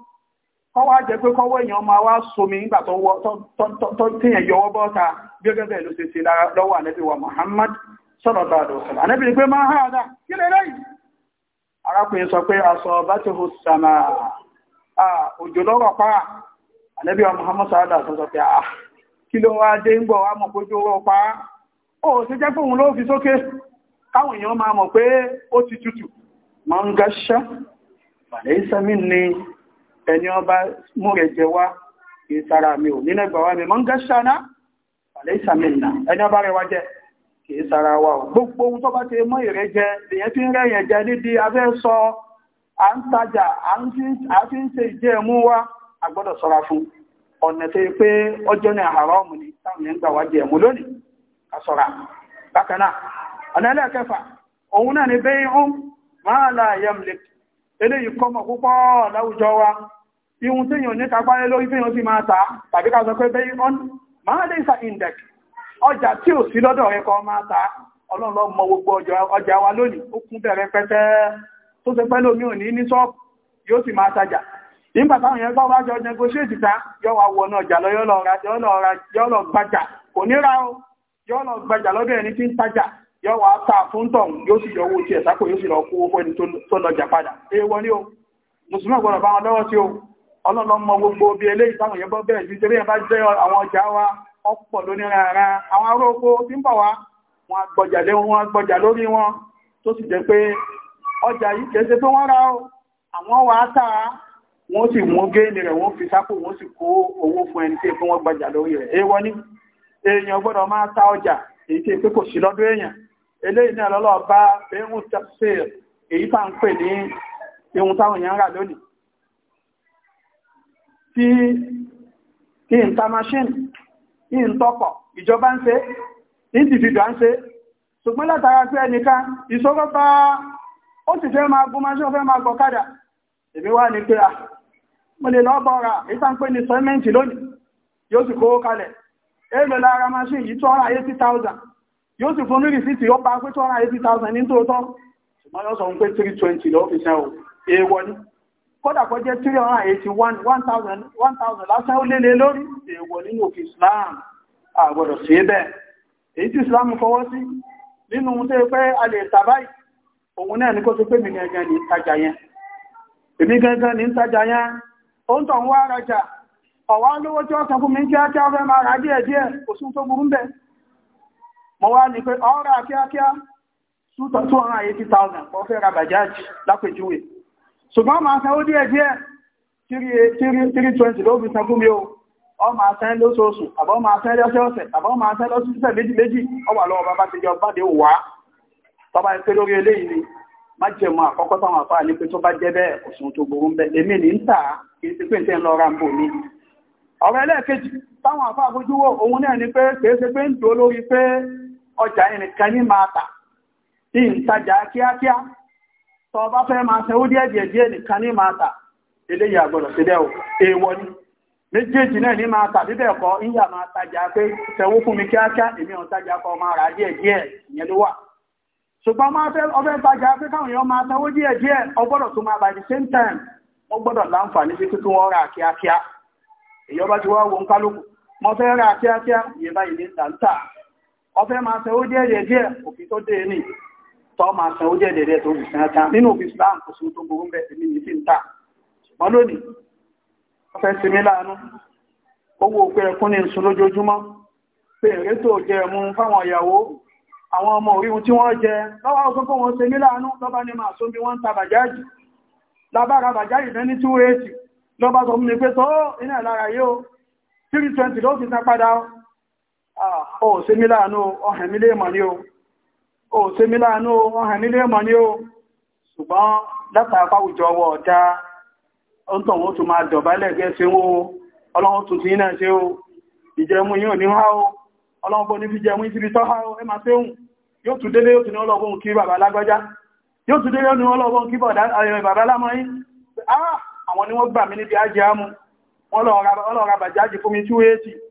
kọwa wá pé kọ́wọ́ èèyàn máa wá somi nígbà tó tíyàn yọwọ́ bọ́ta Muhammad sallallahu alaihi wasallam ànẹ́bí ni pé máa ha àdá kí lè lẹ́yìn arákùnrin sọ pé aṣọ ọba ti hù sàmà òjò lọrọ pa wa Muhammad sallallahu alaihi sọ pé kí ló wá dé ń pé ojú pa ó ṣe ló ẹni ọba mú rẹ̀ jẹ wá ìsára mi ò nínú ẹgbà wá mi mọ́ ń gẹ́ ṣáná àlẹ́ ìsàmì ìnà ẹni ọba rẹ̀ wá jẹ́ kì í sára wa ò gbogbo ohun tó bá ti mọ́ ìrẹ́ jẹ èyàn fi ń rẹ̀yìn jẹ níbi abẹ́ sọ à ń tajà à ń fi ń ṣe ìjẹ́ ẹ̀mú wa a gbọ́dọ̀ fún ọ̀nà tó pé ọjọ́ ní àhàrọ́ọ̀mù ni táwọn yẹn gbà wá jẹ ẹ̀mú lónìí ká sọ́ra bákan náà ọ̀nà ẹlẹ́ẹ̀kẹfà òun náà ni bẹ́ẹ̀ ń máa la yamlik eléyìí kọ́mọ̀ púpọ̀ láwùjọ wa ihun tí yàn ní kagbáyé lórí tí yàn tabi máa ta tàbí ká sọ pé bẹ́yìn ọ́n máa tí ò sí lọ́dọ̀ rẹ kọ́ máa ta ọlọ́run mọ gbogbo ọjà wa lónìí ó kún bẹ̀rẹ̀ pẹ́tẹ́ tó ṣe pẹ́ ní yóò sì máa tajà nígbà táwọn yẹn bá negotiate ta yọ wọnà ọjà lọ yọ lọ kò ní yọ wà ta fún tọ̀hún yóò sì yọ owó tí ẹ̀ sákò yóò sì lọ kó owó ẹni tó lọjà padà èèwọ̀ ni o mùsùlùmí ọ̀gbọ̀nà bá wọn lọ́wọ́ sí o ọlọ́lọ́mọ gbogbo bí eléyìí táwọn yẹn bọ́ bẹ́ẹ̀ sí bá jẹ́ àwọn ọjà wa ọ̀pọ̀ lóní rárá àwọn ará oko tí ń bọ̀ wá wọn lé wọn gbọjà lórí wọn tó sì jẹ́ pé ọjà yìí kìí ṣe wọ́n ra o àwọn wà á eléyìí náà lọ́lọ́ bá ẹ̀hún tafsir èyí ta ń pè ní ihun táwọn èèyàn rà lónìí tí ìǹta machine ìǹtọ́pọ̀ ìjọba ń ṣe individual ń ṣe ṣùgbọ́n látara pé ẹnìkan ìṣòro bá ó sì fẹ́ máa gún machine fẹ́ máa gbọ́kádà èmi wá ní pé à mo lè lọ èyí ń pè ní lónìí yóò onye fún mílìsìtì ó bá pé 280,000 ní tóótọ́ ṣùgbọ́n yóò sọ pé 320 lọ́fíṣẹ́ o èèwọ̀ ni kódà jẹ́ 381 1000 lásán ó lélẹ̀ lórí nínú òfin Islam àgbọ̀dọ̀ sí èyí tí Islam fọwọ́ sí nínú tó a lè tà báyìí òun náà ní kó tó pé mi gangan ní ìtajà yẹn èmi gangan ní ìtajà yẹn ó ń tọ̀ ń wá rajà ọ̀wá lówó tí wọ́n fún mi mo wá ní pé ọ́rà kíákíá 280,000 kọ́ fẹ́ ra bajaj lápèjúwe ṣùgbọ́n máa san ó díẹ̀ díẹ̀ 320 ló fi mi o ọ ma san lóṣooṣù àbọ́ máa san lọ́sẹ̀ọ̀sẹ̀ àbọ́ ma san lọ́sẹ̀ méjì méjì lọ́wọ́ bàbá ti jọ wà ìpé lórí eléyìí ni má àkọ́kọ́ táwọn ní pé tó bá bẹ́ẹ̀ òṣùn tó ń bẹ èmi ní ń tà kì í ti pé lọ ra ń bò ọjà ẹnìkan ní máa tà ní ìtajà kíákíá tọ́ bá fẹ́ máa sanwó díẹ̀ díẹ̀ díẹ̀ nìkan ní máa tà eléyìí àgbọ̀dọ̀ sí dẹ́ o èèwọ̀ ni méjèèjì náà ní máa tà bíbẹ̀ ẹ̀kọ́ ìyà máa tajà pé sanwó fún mi kíákíá èmi tajà kọ máa rà díẹ̀ díẹ̀ ìyẹn ló wà ṣùgbọ́n máa fẹ́ ọbẹ̀ tajà pé káwọn èèyàn máa díẹ̀ díẹ̀ ọgbọ́dọ̀ tó máa by the same time wọ́n gbọ́dọ̀ láǹfààní sí kíkún wọn rà kíákíá èèyàn bá ti wá ọfẹ́ máa sẹ ó jẹ́ díẹ̀ òfin tó dé ní tọ́ máa sẹ ó jẹ́ díẹ̀ tó fi sẹ́yà tán nínú òfin Islam kò sí tó gbogbo bẹ̀rẹ̀ ní ìfín ta ṣùgbọ́n lónìí ọfẹ́ sí mi láàánú owó pé ẹkún ní nsú lójoojúmọ́ pé èrè tó jẹ mú fáwọn ìyàwó àwọn ọmọ orí tí wọ́n jẹ lọ́wọ́ ọkùn kó wọn ṣe mí láàánú lọ́ba ní máa sún bí wọ́n ń ta bàjáàjì lábára bàjáàjì fẹ́ ní 280 lọ́ba sọ fún mi pé tọ́ iná ìlara yóò 320 ló fi san padà ó ah, oh, ṣe mí láàánú ọ̀hẹ̀ mílé mọ̀ ní o ó oh, ṣe mí láàánú ọ̀hẹ̀ mílé mọ̀ ní o ṣùgbọ́n látàpá àwùjọ ọwọ́ ọ̀dá ọ̀ntọ̀ wọn tún máa dọ̀bálẹ̀ gẹ́ẹ̀ṣẹ́ wo ọlọ́run tún ti iná ṣe o ìjẹmú yóò ní há o ọlọ́run bó ní fi jẹmú ìsìbí tọ́ há o ẹ máa ṣe òun yóò tún délé yóò tún ní ọlọ́gbọ́n kí bàbá lágbájá yóò tún délé yóò ní ọlọ́gbọ́n kí bàbá lámọ́yí ah, àwọn ni wọ́n gbà mí níbi ajé ámú wọ́n lọ ra bàjáàjì fún mi 280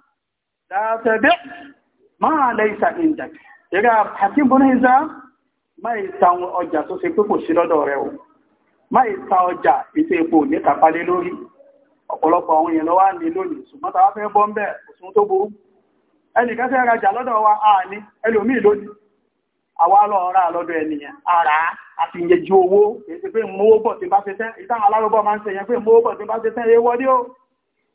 látẹ̀bẹ́ máa lẹ́ ìsà ìjàk ìrẹ́ àkí bú ní ìsá máa ọjà tó ṣe o ní ọ̀pọ̀lọpọ̀ àwọn èèyàn lọ́wọ́ ní lónìí ṣùgbọ́n tàwa fẹ́ bọ́ ń tó burú ẹnì kan wa a ní ẹlòmíì lónìí àwa lọ́dọ̀ ara àti ìyẹjú owó pé mówó bọ̀ tí bá ṣe tẹ́ ìtàn máa ń ṣe yẹn pé mówó bọ̀ tí bá ṣe tẹ́ o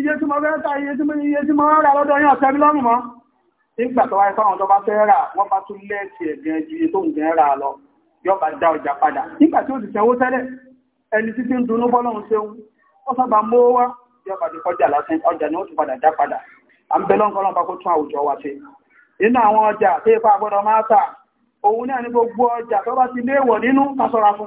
iye tí mo fẹ́ ta iye tí mo iye tí mo rà lọ́dọ̀ yín ọ̀sẹ̀ mi lọ́rùn mọ́ nígbà tó wáyé fáwọn tó bá fẹ́ rà wọ́n bá tún lẹ́ẹ̀tì ẹ̀gbìn ju iye tó ń gbìn rà lọ yóò bá dá ọjà padà nígbà tí ó ti sanwó tẹ́lẹ̀ ẹni títí ń dunú bọ́lọ́run ṣeun ó sábà mú wá yóò bá ti kọjá lásán ọjà ni ó ti padà dá padà à ń bẹ lọ́nkọ́ lọ́nba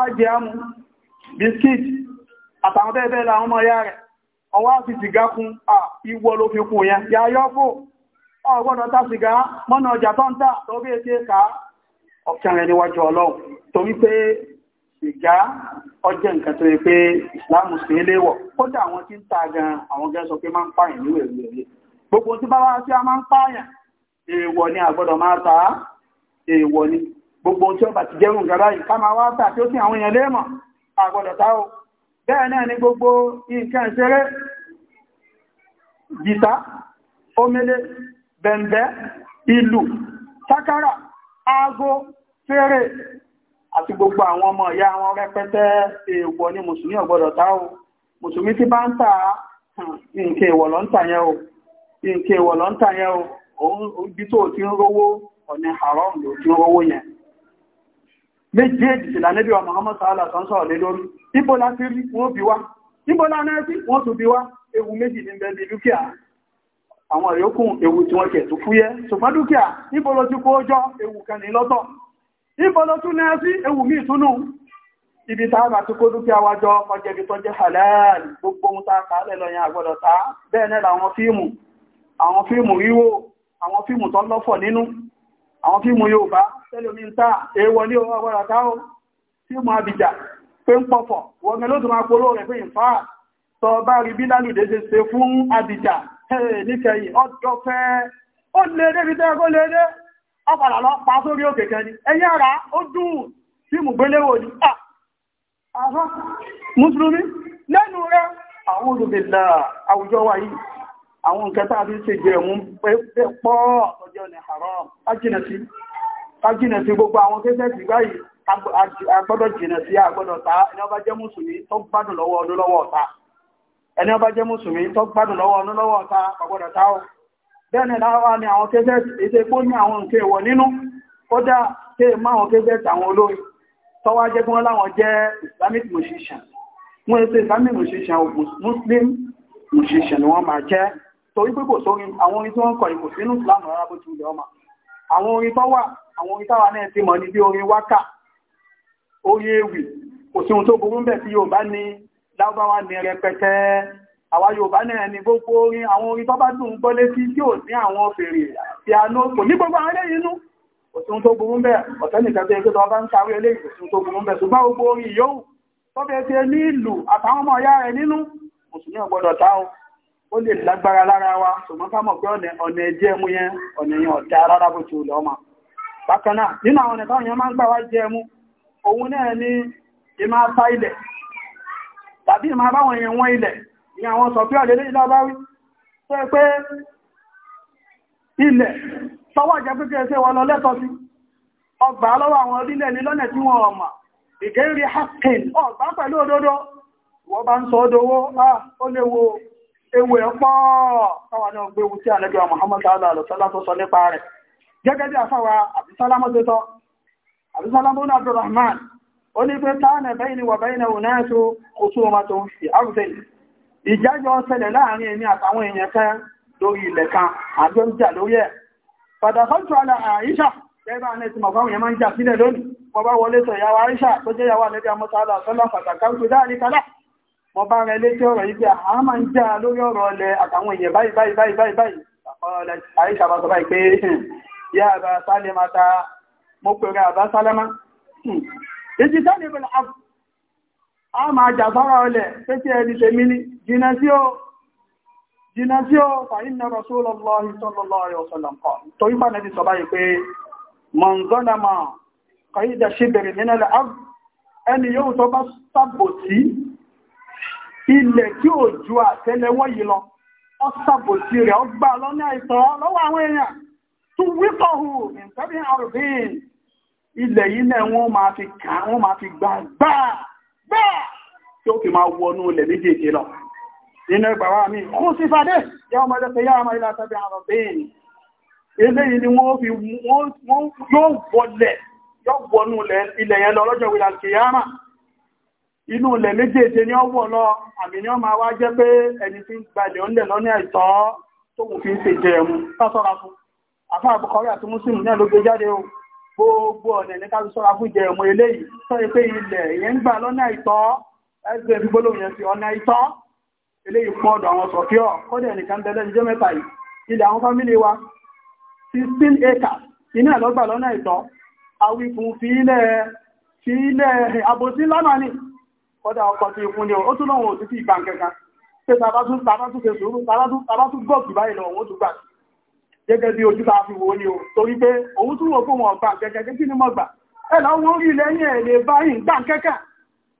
ajé amú biskit àtàwọn bẹ́ẹ̀ bẹ́ẹ̀ láwọn ọmọ ya rẹ̀ ọwọ́ àti sìgá kún à ìwọ ló fi kún yẹn ya yọ́ fò ọgbọ́dọ̀ ta sìgá mọ́nà ọjà tó ń tà tó bí ètè ká ọ̀kẹ́ rẹ̀ níwájú ọlọ́run torí pé sìgá ọjẹ́ nǹkan tó yẹ pé ìsìláàmù sí léwọ̀ kódà àwọn tí ń ta gbogbo tí ó bá ti jẹ́rùn gàrá yìí ká máa wá tà tí ó sì àwọn èèyàn léèmọ̀ àgbọ̀dọ̀ tá bẹ́ẹ̀ náà ni gbogbo nǹkan ìṣeré jìtá omele bẹ̀m̀bẹ̀ ìlú sákárà aago fèrè àti gbogbo àwọn ọmọ ìyá wọn rẹpẹtẹ èèwọ̀ ni mùsùlùmí ọ̀gbọ̀dọ̀ tá ó mùsùlùmí tí bá ń tà hmm, nǹkan èèwọ̀ ló ń tà yẹn o nǹkan èèwọ̀ yẹn o ibi tó ti ń rówó ọ̀nà haram ti ń rówó yẹn méjèèjì sí lànẹ́bí wa Muhammad sàálà sọ́nsọ́ lé lórí ìbọ́lá tí rí wọ́n bí wá ìbọ́lá náà sí wọ́n tún ewu méjì ní bẹ́ẹ̀ dúkìá àwọn àyókùn ewu tí wọ́n kẹ̀ tó fúyẹ́ ṣùgbọ́n dúkìá ìbọ́lọ́ tí kó jọ ewu kẹni lọ́tọ̀ ìbọ́lọ́ tún náà sí ewu mí ìtúnú ibi tá a bá ti kó dúkìá wa jọ ọjẹ́ ibi tó jẹ́ halal gbogbo ohun tá a kà á àgbọ̀dọ̀ tá bẹ́ẹ̀ náà làwọn fíìmù àwọn fíìmù wíwò àwọn fíìmù tó nínú àwọn fíìmù Yorùbá tẹ́lómi ń ta èèwọ̀ ní owó ọgbọ́ra táwọn tí mọ́ àbìjà pé ń pọ̀fọ̀ wọ́n ló tó máa polówó rẹ̀ pé ìfà tọ bá rí bí lálùdé ṣe ṣe fún àbìjà níkẹyìn ọjọ́ fẹ́ ó lè dé fi tẹ́ẹ̀kọ́ lè dé ọ̀pàdà lọ pa sórí òkè kẹni ẹ̀yẹ́ ara ó dùn tí mù gbéléwò ní àwọn mùsùlùmí lẹ́nu rẹ̀ àwùjọ wa àwọn nǹkan tá ṣe jẹ́ ẹ̀mú pẹ́ pọ́ ọjọ́ ní haram á jìnà sí kájínà sí gbogbo àwọn kéṣẹ́sì báyìí agbọ́dọ̀ jìnà sí agbọ́dọ̀ ta ẹni ọba jẹ́ mùsùlùmí tó gbádùn lọ́wọ́ ọdún lọ́wọ́ ọ̀ta ẹni ọba jẹ́ mùsùlùmí tó gbádùn lọ́wọ́ ọdún lọ́wọ́ ọ̀ta agbọ́dọ̀ ta ó bẹ́ẹ̀ni láwá ni àwọn kéṣẹ́sì ètò epo ní àwọn nǹkan èèwọ̀ nínú kódà ké má àwọn kéṣẹ́sì àwọn olórin tọ́wá jẹ́ kí wọ́n láwọn jẹ́ islamic musician wọ́n ṣe islamic musician o muslim musician ni wọ́n máa jẹ́ torí pé kò sórin àwọn orin tí wọ́n kọ ìkò sínú islam rárá bó ti ilẹ̀ ọmọ àwọn orin tó wà àwọn orin táwa náà ti mọ̀ ní bí orin wákà orin ewì kò sí ohun tó burú ń bẹ̀ tí Yorùbá ní lábáwá ní rẹpẹtẹ àwa Yorùbá náà ní gbogbo orin àwọn orin tó bá dùn gbọ́ létí tí ò ní àwọn fèrè piano kò ní gbogbo àwọn inú kò sí ohun tó burú ń bẹ̀ ọ̀tẹ́ nìkan tó yẹ kí tó bá ń sáré eléyìí kò sí ohun tó burú ń bẹ̀ ṣùgbọ́n gbogbo orin yòówù tó bẹ̀ẹ́ ní ìlú àtàwọn ọmọ ọ̀yá rẹ̀ nínú mùsùlùmí ọ̀gbọ́dọ̀ táwọn ó lè lágbára lára wa ṣùgbọ́n ká mọ̀ pé ọ̀nà ẹjẹ́ mú yẹn ọ̀nà yẹn ọ̀dá rárá bó ti lọ ọmọ bákan náà nínú àwọn ọ̀nà táwọn yẹn máa ń gbà wá jẹ mú òun náà ni sá ilẹ̀ tàbí ìmá sọ pé ọ̀lẹ́lẹ́ bá wí tó pé ilẹ̀ sọwọ́ jẹ pé kẹsẹ̀ wọn lọ lẹ́tọ̀ sí ọgbà lọ́wọ́ àwọn orílẹ̀ ní lọ́nà tí wọ́n ọmọ hakin ọgbà pẹ̀lú ah, ewé pọ́ táwa náà gbé ewu tí ànábì wa Muhammad sallallahu alaihi wasallam tó sọ nípa rẹ̀ gẹ́gẹ́ bí àfáwa àbísálámọ́ tó sọ àbísálámọ́ náà Abdurrahman ó ní pé táwọn ẹ̀bẹ́ ni wà bẹ́yìn ẹ̀wọ̀n náà tó kò tó ma tó ń fi àrùsẹ̀ ìjájọ́ ṣẹlẹ̀ láàrin èmi àtàwọn èèyàn kan lórí ilẹ̀ kan àjọ ń jà lórí ẹ̀ mọ̀fáwọn èèyàn máa ń jà sílẹ̀ lónìí bá wọlé sọ ìyàwó tó jẹ́ mo bá rẹ létí ọ̀rọ̀ yìí a máa ń já lórí ọ̀rọ̀ ọlẹ àtàwọn èèyàn báyìí báyìí báyìí báyìí báyìí báyìí pé hmm, yá àbá ta mo pèrè àbá sálẹ́mà ìjì hmm, sálẹ́ ìbẹ̀lẹ̀ a máa ọlẹ̀ pé ẹni jìnà sí ó sallallahu sọ ilẹ̀ tí ò ju àtẹ́lẹwọ́ yìí lọ ọ sàbòsí rẹ̀ ọ gbà lọ́nà ìtọ́ lọ́wọ́ àwọn èèyàn tó wípọ̀hù ìtẹ́bí àrùbín ilẹ̀ yìí náà wọ́n máa fi kà wọ́n máa fi gbà gbà gbà tí ó fi máa wọnú ilẹ̀ méjèèjì lọ nínú ìgbàwá mi kó sí fadé yá ọmọ ẹlẹ́fẹ́ yá ọmọ ilẹ̀ àtẹ́bí àrùbín eléyìí ni wọ́n fi wọ́n yóò wọlẹ̀ yóò wọnú ilẹ̀ yẹn lọ lọ́jọ́ wílà kìyàmà inú ilẹ̀ méjèèjì ni ó wọ̀ lọ àmì ni ó máa wá jẹ́ pé ẹni tí ń gbalẹ̀ lọ́ní àìtọ́ fi ń ṣe jẹ ẹ̀mú sọ́sọ́ra fún àfa àbùkọ́rí àti múslìm náà ló gbé o gbogbo ọ̀nà ní ka sọ́ra fún jẹ ẹ̀mú eléyìí sọ pé ilẹ̀ ìyẹn ń gbà àìtọ́ ẹgbẹ́ fi yẹn sí ọ̀nà àìtọ́ eléyìí pọ̀ ọ̀dọ̀ àwọn sọ̀fíọ̀ kọ́dẹ̀ nìkan bẹ́lẹ́ níjọ́ mẹ́ta yìí ilẹ̀ àwọn wa sixteen acres lọ́nà àìtọ́ fi fi ilẹ̀ àbòsí lọ́nà ni kọ́dá ọkọ̀ tí ikú ní ó tún lọ́wọ́ òtún sí ìgbà kẹta pé tàbá tún tàbá tún fẹ́ sùúrù tàbá tún gbọ́ọ̀kì báyìí lọ òun tún gbà gẹ́gẹ́ bí ojú ta fi wo ni o torí pé òun tún wò fún wọn gbà gẹ́gẹ́ kí ni mo gbà ẹ lọ wọ́n rí lẹ́yìn ẹ̀ lè báyìí gbà kẹ́kà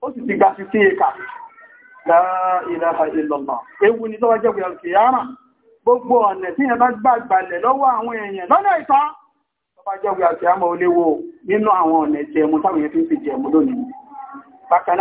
ó sì ti gbà sí sí ẹ̀ka la ilaha illallah ewu gbogbo ọ̀nà tí yẹn bá gbàgbà lọ́wọ́ àwọn èèyàn lọ́nà ìta tọ́wọ́ jẹ́ pé alkiyama ó nínú àwọn ọ̀nà ìjẹmu táwọn yẹn fi ń lónìí bákan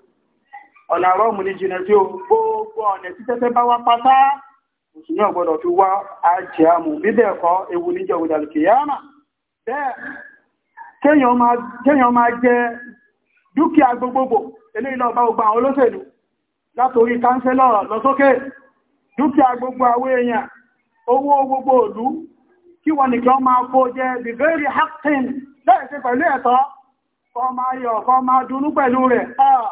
ọ̀nà rọ́ọ̀mù ní jìnà tí ó gbogbo ọ̀nà tí tẹ́tẹ́ bá wá pátá mùsùlùmí ọ̀gbọ́dọ̀ fi wá ajé àmù bíbẹ̀ ẹ̀kọ́ ewu níjọ òdàlù kìyàmà bẹ́ẹ̀ kéèyàn máa jẹ dúkìá gbogbogbò eléyìí lọ bá gbogbo àwọn olóṣèlú látòrí káńsẹ́lọ̀ lọ sókè dúkìá gbogbo àwọn èèyàn owó gbogbo òlú kí wọ́n nìkan máa kó jẹ the very hapkin lẹ́ẹ̀sẹ̀ pẹ̀lú ẹ̀tọ́ kọ́ máa yọ̀ kọ́ máa dunú pẹ̀lú rẹ̀ ah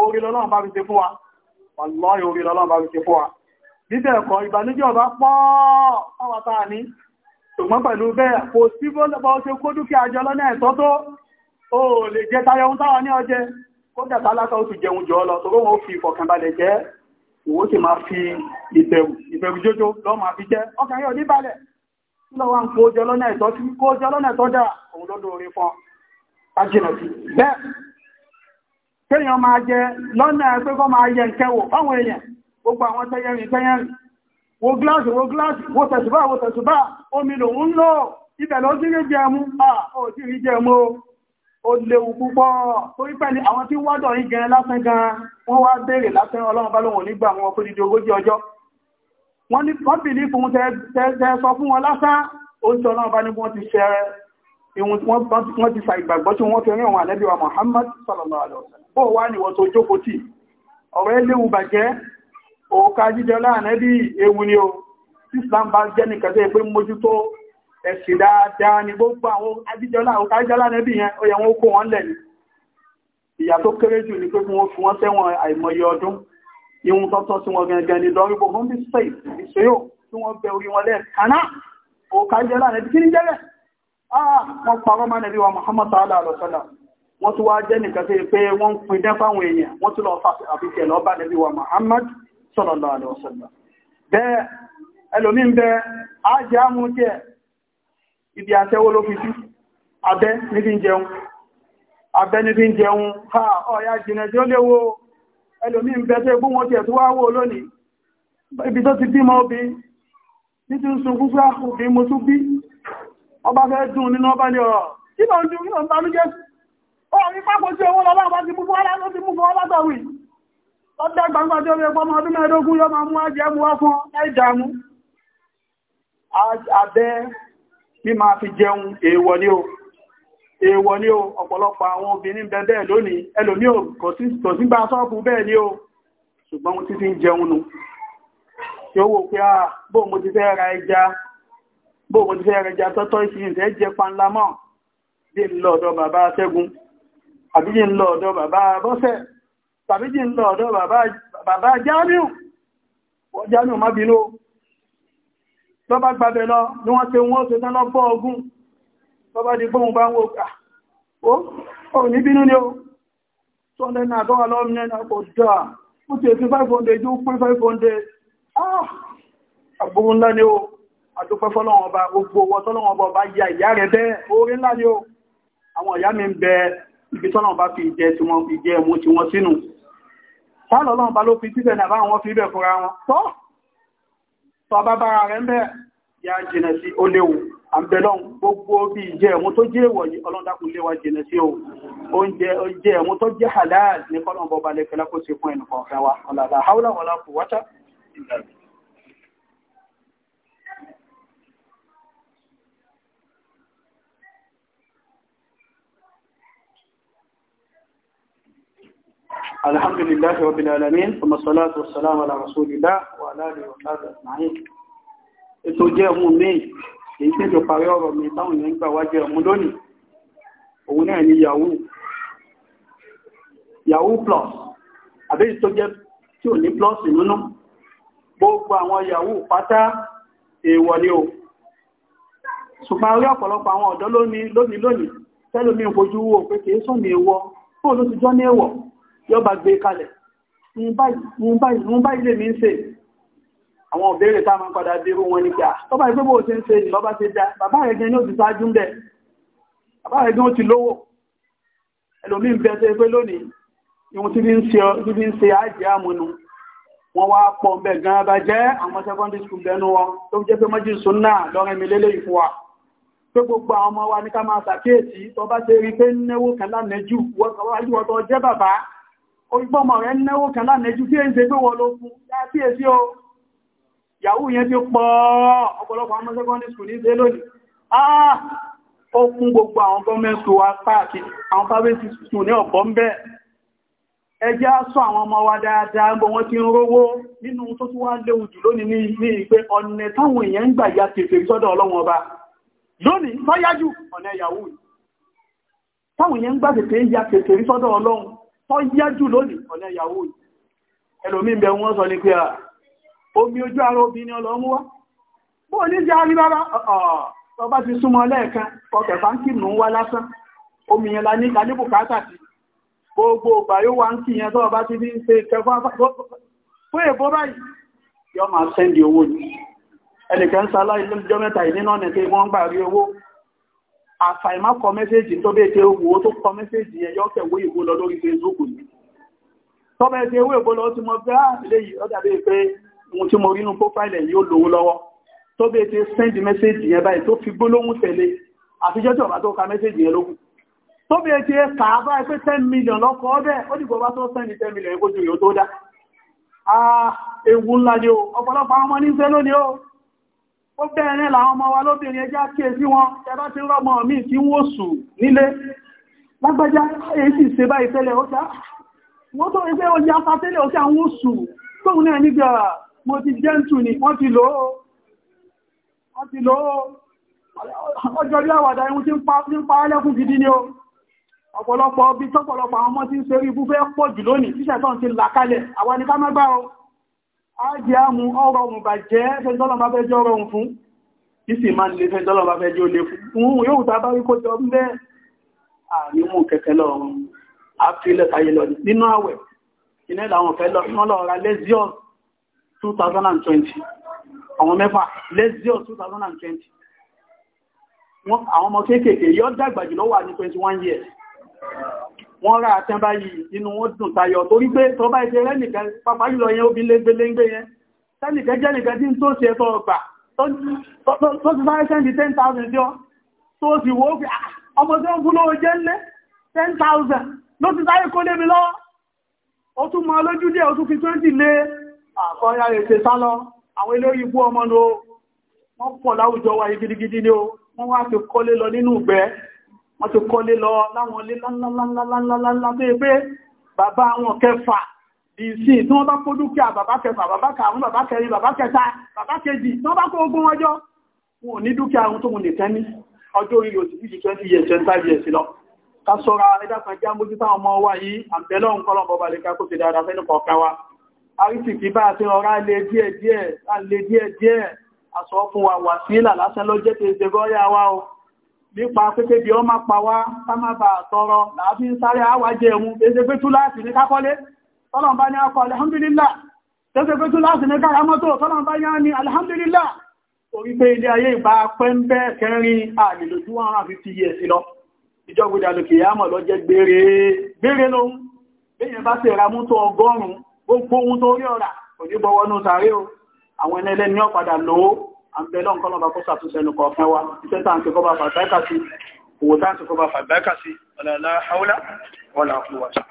orí lọ́lọ́run bá fi ṣe fún wa wàláhì orí lọ́lọ́run bá fi ṣe fún wa bíbẹ̀ ẹ̀kọ́ ìbànújẹ́ ọba pọ̀ ọwà táà ní ṣùgbọ́n pẹ̀lú bẹ́ẹ̀ kò sí bọ́ ṣe kó dúkìá jọ lọ́nà ẹ̀tọ́ tó ó lè jẹ tayọ ohun táwa ní ọjẹ́ kó dẹ̀ta látà oṣù jẹun jọ lọ tó wọ́n fi ìfọ̀kànbalẹ̀ jẹ́ òwò sì máa fi ìbẹ̀rù ìbẹ̀rù jójó lọ máa fi jẹ́ ọkàn yóò níbalẹ̀ lọ́wọ́ ń kó jọ lọ́nà ẹ̀tọ́ dáa òun lọ́dún orí fún ọ kéèyàn máa jẹ lọ́nà ẹgbẹ́ kọ́ máa yẹ ìkẹwò ọmọ èèyàn gbogbo àwọn tẹ́yẹrin tẹ́yẹrin wo gíláàsì wo gíláàsì wo tẹ̀sùbá wo tẹ̀sùbá omi lòun ń lò ibẹ̀ ló jírí jẹmu ó jírí jẹmu ó léwu púpọ̀ torí pẹ̀lú àwọn tí wádọ̀ yí gan lásán gan wọ́n wá béèrè lásán ọlọ́run bá lóhun nígbà wọn kó dídí ogójì ọjọ́ wọ́n ní kọ́bì ní fún tẹ́ sọ fún wọn lásán ó ń sọ ọlọ́run bá ní wọ́n ti fa ìgbàgbọ́ tí wọ́n fi rí àwọn àlẹ́bíwa Muhammad sallallahu alaihi bó wá níwọ̀n tó jókòó tì ọ̀rọ̀ eléwu bàjẹ́ òkà jíjẹ láàrín bí ewu ni o Islam bá jẹ́ nìkan tó yẹ mójútó ẹ̀sì dáadáa ni gbogbo àwọn ajíjọlá òkà jíjẹ láàrín bí yẹn ó yẹ wọn kó wọn lẹ̀ ní ìyà tó kéré jù ní pé kí wọ́n fi wọ́n tẹ́wọ̀n àìmọye ọdún ihun tọ́tọ́ tí wọ́n gẹ̀ẹ́gẹ́ ní dọ́rí gbogbo ń bí sẹ́yì tí wọ́n bẹ orí wọn lẹ́ kaná òkà láàrín kí ní jẹ́lẹ̀ ah wọ́n parọ́ mọ́ nẹ́bí wa Muhammadu sallallahu alaihi wọ́n tún wá jẹ́ nìkan tó pé wọ́n ń pin dán èèyàn wọ́n tún lọ fà àbíkẹ́ lọ bá wa Muhammad sallallahu alaihi wasallam bẹ́ẹ̀ ẹlòmí ń bẹ ájá mú jẹ́ ibi àtẹ́wó ló fi sí abẹ́ níbi ń jẹun abẹ́ níbi ń jẹun ha ọ̀yá jìnà tí ó léwó ẹlòmí ń bẹ tó ẹgbó wọn jẹ́ tó wá wó lónìí ibi tó ti mo tún bí ọba fẹ́ dùn nínú ọba ní ọ̀rọ̀ kí lọ ń dùn Orí pápójú owó lọ bá ti múkú wọ́lá ló ti múkú wọ́lá tọ̀wì. Ọjọ́ gbangba tí ó rẹ̀ pọ́mọ ọdún mẹ́ẹ̀dógún yọ máa mú ajẹ́ mú wá fún ẹ̀dàmú. Abẹ́ bí máa fi jẹun èèwọ̀ ni o. Èèwọ̀ ni o, ọ̀pọ̀lọpọ̀ àwọn obìnrin bẹ bẹ́ẹ̀ lónìí, ẹlòmí ò kò sí gbá sọ́ọ̀bù bẹ́ẹ̀ ni o. Ṣùgbọ́n mo ti fi ń jẹun nu. Tí ó wò pé à ah, bó mo ti fẹ́ ra ẹja, bó mo ti fẹ́ ra ẹja tọ́tọ́ ìsìn ìfẹ́ jẹ panlamọ́. Bí lọ́dọ̀ bàbá Ṣẹ́gun, àbíjì ń lọ ọ̀dọ̀ bàbá bọ́sẹ̀ tàbíjì ń lọ ọ̀dọ̀ bàbá Jamiu Jamiu má bínú lọ bá gbàbẹ̀ lọ ní wọ́n tẹ wọ́n tẹ tán lọ bọ́ ogun lọ bá di gbóhun bá ń wo ó ní bínú ni ó tó ń lẹ́nà àgọ́wà lọ́mìnà kò dáa ó ti èsì 500 jú pín ah àgbóhun ńlá ni ó àdúpẹ́ fọ́lọ́wọ́n ọba gbogbo owó tọ́lọ́wọ́n ọba yà ìyá rẹ̀ bẹ́ẹ̀ orí ńlá ni àwọn ìyá mi ń bẹ́ẹ̀ ibi tọ́nà bá fi jẹ tí wọ́n fi jẹ mú tí wọ́n sínú tálọ́lọ́n bá ló fi síbẹ̀ nàbá wọn fi bẹ̀ fúnra wọn tọ́ tọ́ bá bára rẹ̀ ń bẹ̀ ya jìnà sí ó léwu àbẹ̀lọ́n gbogbo bí ìjẹ ẹ̀mú tó jẹ́ ìwọ̀ yìí ọlọ́dákun léwa jìnà sí o oúnjẹ oúnjẹ ẹ̀mú tó jẹ́ halal ní kọ́lọ̀ bọ́balẹ̀ kẹlẹ́kọ́ sí fún الحمد لله رب العالمين ثم الصلاة والسلام على رسول الله وعلى آله وصحبه أجمعين ètò jẹ́ ọmọ mẹ́yìn èyí tí ètò parí ọ̀rọ̀ mi táwọn èèyàn gbà wá jẹ́ ọmọ lónìí òun náà ni yahoo yahoo plus àbí tó jẹ́ tí ò ní plus nínú gbogbo àwọn yahoo pátá èèwọ̀ ni o ṣùgbọ́n orí ọ̀pọ̀lọpọ̀ àwọn ọ̀dọ́ lónìí lónìí lónìí tẹ́lómi ìfojú wo pé kìí sùn ní èèwọ̀ fóònù ti jọ́ ní èèwọ̀ yóò bá gbé kalẹ̀ ní báyìí lè mi ń ṣe àwọn òbèèrè tá máa padà dérú wọn ní pé tó bá ìgbébò ṣe ń ṣe ní lọ́bá ṣe dá bàbá rẹ̀ gan ní òtù sáájú ń bẹ̀ bàbá rẹ̀ gan ó ti lówó ẹlòmí ń bẹ́ẹ̀ pé lónìí ihun tí bí ń ṣe àjẹ́ àmúnu wọ́n wá pọ̀ ń bẹ̀ gan bá jẹ́ àwọn secondary school bẹnu wọn tó jẹ́ pé mọ́jì sún náà lọ́rin mi lélẹ́ ìfún wa pé gbogbo àwọn ọmọ wa ní ká máa ṣàkíyèsí tó bá ṣe rí pé náwó kan lánàá jù wọ́n tó jẹ́ bàbá orígbọ́mọ̀ rẹ̀ náwó kan lánàájú tí èyí ṣe tó wọ ló fún láti èsí o yahoo yẹn ti pọ̀ ọ̀pọ̀lọpọ̀ àwọn secondary school ní ṣe lónìí ah ó kún gbogbo àwọn government wa páàkì àwọn private school ní ọ̀pọ̀ ń bẹ ẹjẹ́ sọ àwọn ọmọ wa dáadáa gbọ́ wọn ti ń rówó nínú tó tún wá léwu jù lónìí ní ìpé ọ̀nà táwọn èèyàn ń gbà ya kèfèrí sọ́dọ̀ ọlọ́wọ́n ọba lónìí sọ́yájú ọ̀nà yahoo táwọn èèyàn ń gbà tètè ya kèfèrí sọ́dọ̀ ọlọ́run tó yájú lónìí ọ̀lẹ́ ìyàwó ẹlòmí gbogbo ọgbà yóò wá ń kí yẹn tọ́ọ̀bá ti fi ń ṣe kẹfà fún èbó báyìí yọ máa sẹ́ndì owó ni ẹnìkan sálá ilé ìjọ mẹ́ta ìnínà nẹ̀ tí wọ́n gbà rí owó àfàìmá kọ mẹ́sẹ̀jì tó bẹ́ẹ̀ tẹ owó tó kọ mẹ́sẹ̀jì ẹjọ́ kẹwé ìwó lọ lórí Facebook ni tó bẹ́ẹ̀ tẹ owó ìwó lọ tí ah, mo bẹ́ àlẹ́ yìí ọjà bẹ́ẹ̀ pé ohun tí mo rí nú profile yóò lówó lọ́wọ́ tó bẹ́ẹ̀ tẹ send mẹ́sẹ̀jì yẹn báyìí tó fi gbólóhùn tẹ̀lé àfijọ́ tí ọba tó ka mẹ́sẹ̀jì yẹn lókù tó bẹ́ẹ̀ tẹ kà á báyìí pé ten million lọ́kọ̀ ọ́ bẹ́ẹ̀ ó dìgbò bá tó send ten million kó ju yóò tó dá ah ewu ńlá ni o ọ̀pọ̀lọpọ̀ àwọn ọmọ ní ó bẹ́ẹ̀rẹ́ làwọn ọmọ wa lóbìnrin ẹjá kí èsí wọn ẹbá ti rọ́mọ mi tí wó sùn nílé lágbẹ́já èsì ṣe bá ìfẹ́lẹ̀ ó sá wọ́n tó ẹgbẹ́ ó yá fátẹ́lẹ̀ ó sí àwọn oṣù tóun náà nígbà mo ti jẹ́ntù ni wọ́n ti lòó wọ́n ti lòó ọjọ́ rí àwàdà ihun tí ń pa ẹlẹ́kùn gidi ni o ọ̀pọ̀lọpọ̀ bí tọ́pọ̀lọpọ̀ àwọn ọmọ ti ń ṣe rí ibú fẹ́ pọ̀ jù lónìí tíṣẹ̀ tán ti là kalẹ̀ àwọn ẹni ká mẹ́gbà o ájì ámú ọrọ̀ ọ̀rùn bà jẹ́ fẹ́ntọ́lọ̀ bá fẹ́ jọ rọrùn fún ìsì máa lè fẹ́ntọ́lọ̀ bá fẹ́ jẹ́ olè fún yóò tá bá rí kó jọ ń bẹ́ẹ̀ àrímú kẹ̀kẹ́ lọ́rùn àfilẹ̀ tayé lọ nínú àwẹ̀ ìnẹ́ làwọn fẹ́ lọ́ra lẹ́síọ̀s 2020 àwọn mẹ́fà lẹ́síọ̀s 2020 àwọn ọmọ kéékèèké yọ́ dàgbà jùlọ wà ní 21 years wọ́n rà àtẹ́ báyìí inú wọn dùn tayọ torí pé tó bá ìṣẹ́ rẹ́nìkan pàpá jùlọ yẹn obì lẹ́gbẹ̀lẹ́gbẹ̀ yẹn tẹ́nìkan jẹ́ nìkan tí ń tó ṣe tọ́ ọgbà tó ti sáré sẹ́ndì 10,000 jọ tó sì wó fi ah, ọmọ tó ń fún lówó jẹ́ ńlẹ́ 10,000 ló ti sáré kó lé mi lọ́wọ́ ó tún mọ lójú díẹ̀ ó tún fi 20 lé àkọyà ètè sálọ àwọn eléyìí bú ọmọ lọ wọ́n pọ̀ láwùjọ wa gidigidi ni ó wọ́n wá fi kọ́lé lọ nínú ìgbẹ́ wọ́n ti kọ́lé lọ láwọn ilé lálálálálálá tó pé bàbá wọn kẹfà ìsì tí wọ́n bá kó dúkìá bàbá kẹfà bàbá kàrún bàbá kẹrin bàbá kẹta bàbá kejì tí wọ́n bá kó ogún ọjọ́ wọn ò ní dúkìá ohun tó mú nìkan ní ọjọ́ orí òsì bí ju 20 years 25 years lọ ká sọ́ra ẹ̀dàkan já mójú táwọn ọmọ wa yìí àbẹ̀lọ́ nǹkan lọ́bọ̀ balẹ̀ ká kó ti dáadáa fẹ́ nípa ọ̀ká wa àríṣìkí bá àti ọ̀rá lè díẹ̀ díẹ̀ àṣọ fún wa wà sílà lásán lọ́jẹ́ tẹ́ ìṣẹ́gọ́rẹ́ wa o nípa pípé bí ọ má pa wá ká má bà tọrọ láàbí sáré àwà jẹ ẹ̀hun láti ní kákọ́lé tọ́lọ̀mbá ní akọ alhamdulillah tẹ́sẹ̀ pé tú láti ní kára tọ́lọ̀mbá ní á ní alhamdulillah orí pé ilé ayé ìbá pẹ́ńbẹ́ kẹrin àlèlójú 150 years lọ ìjọgbìdà lòkè yàmọ̀ lọ jẹ́ gbére gbére lóhun bẹ́yẹn bá sì ra mọ́tò o àwọn ẹlẹ́ni ọ̀padà lòó àbẹ̀lọ́ nǹkan lọ́ba kó sàtúnṣe ẹnu kọ̀ọ̀kan wa iṣẹ́ tá à ń ṣe kọ́ba fàgbáìkà sí òwò tá à ń ṣe kọ́ba fàgbáìkà sí ọ̀làlá haúlá wọ́là kúwàṣà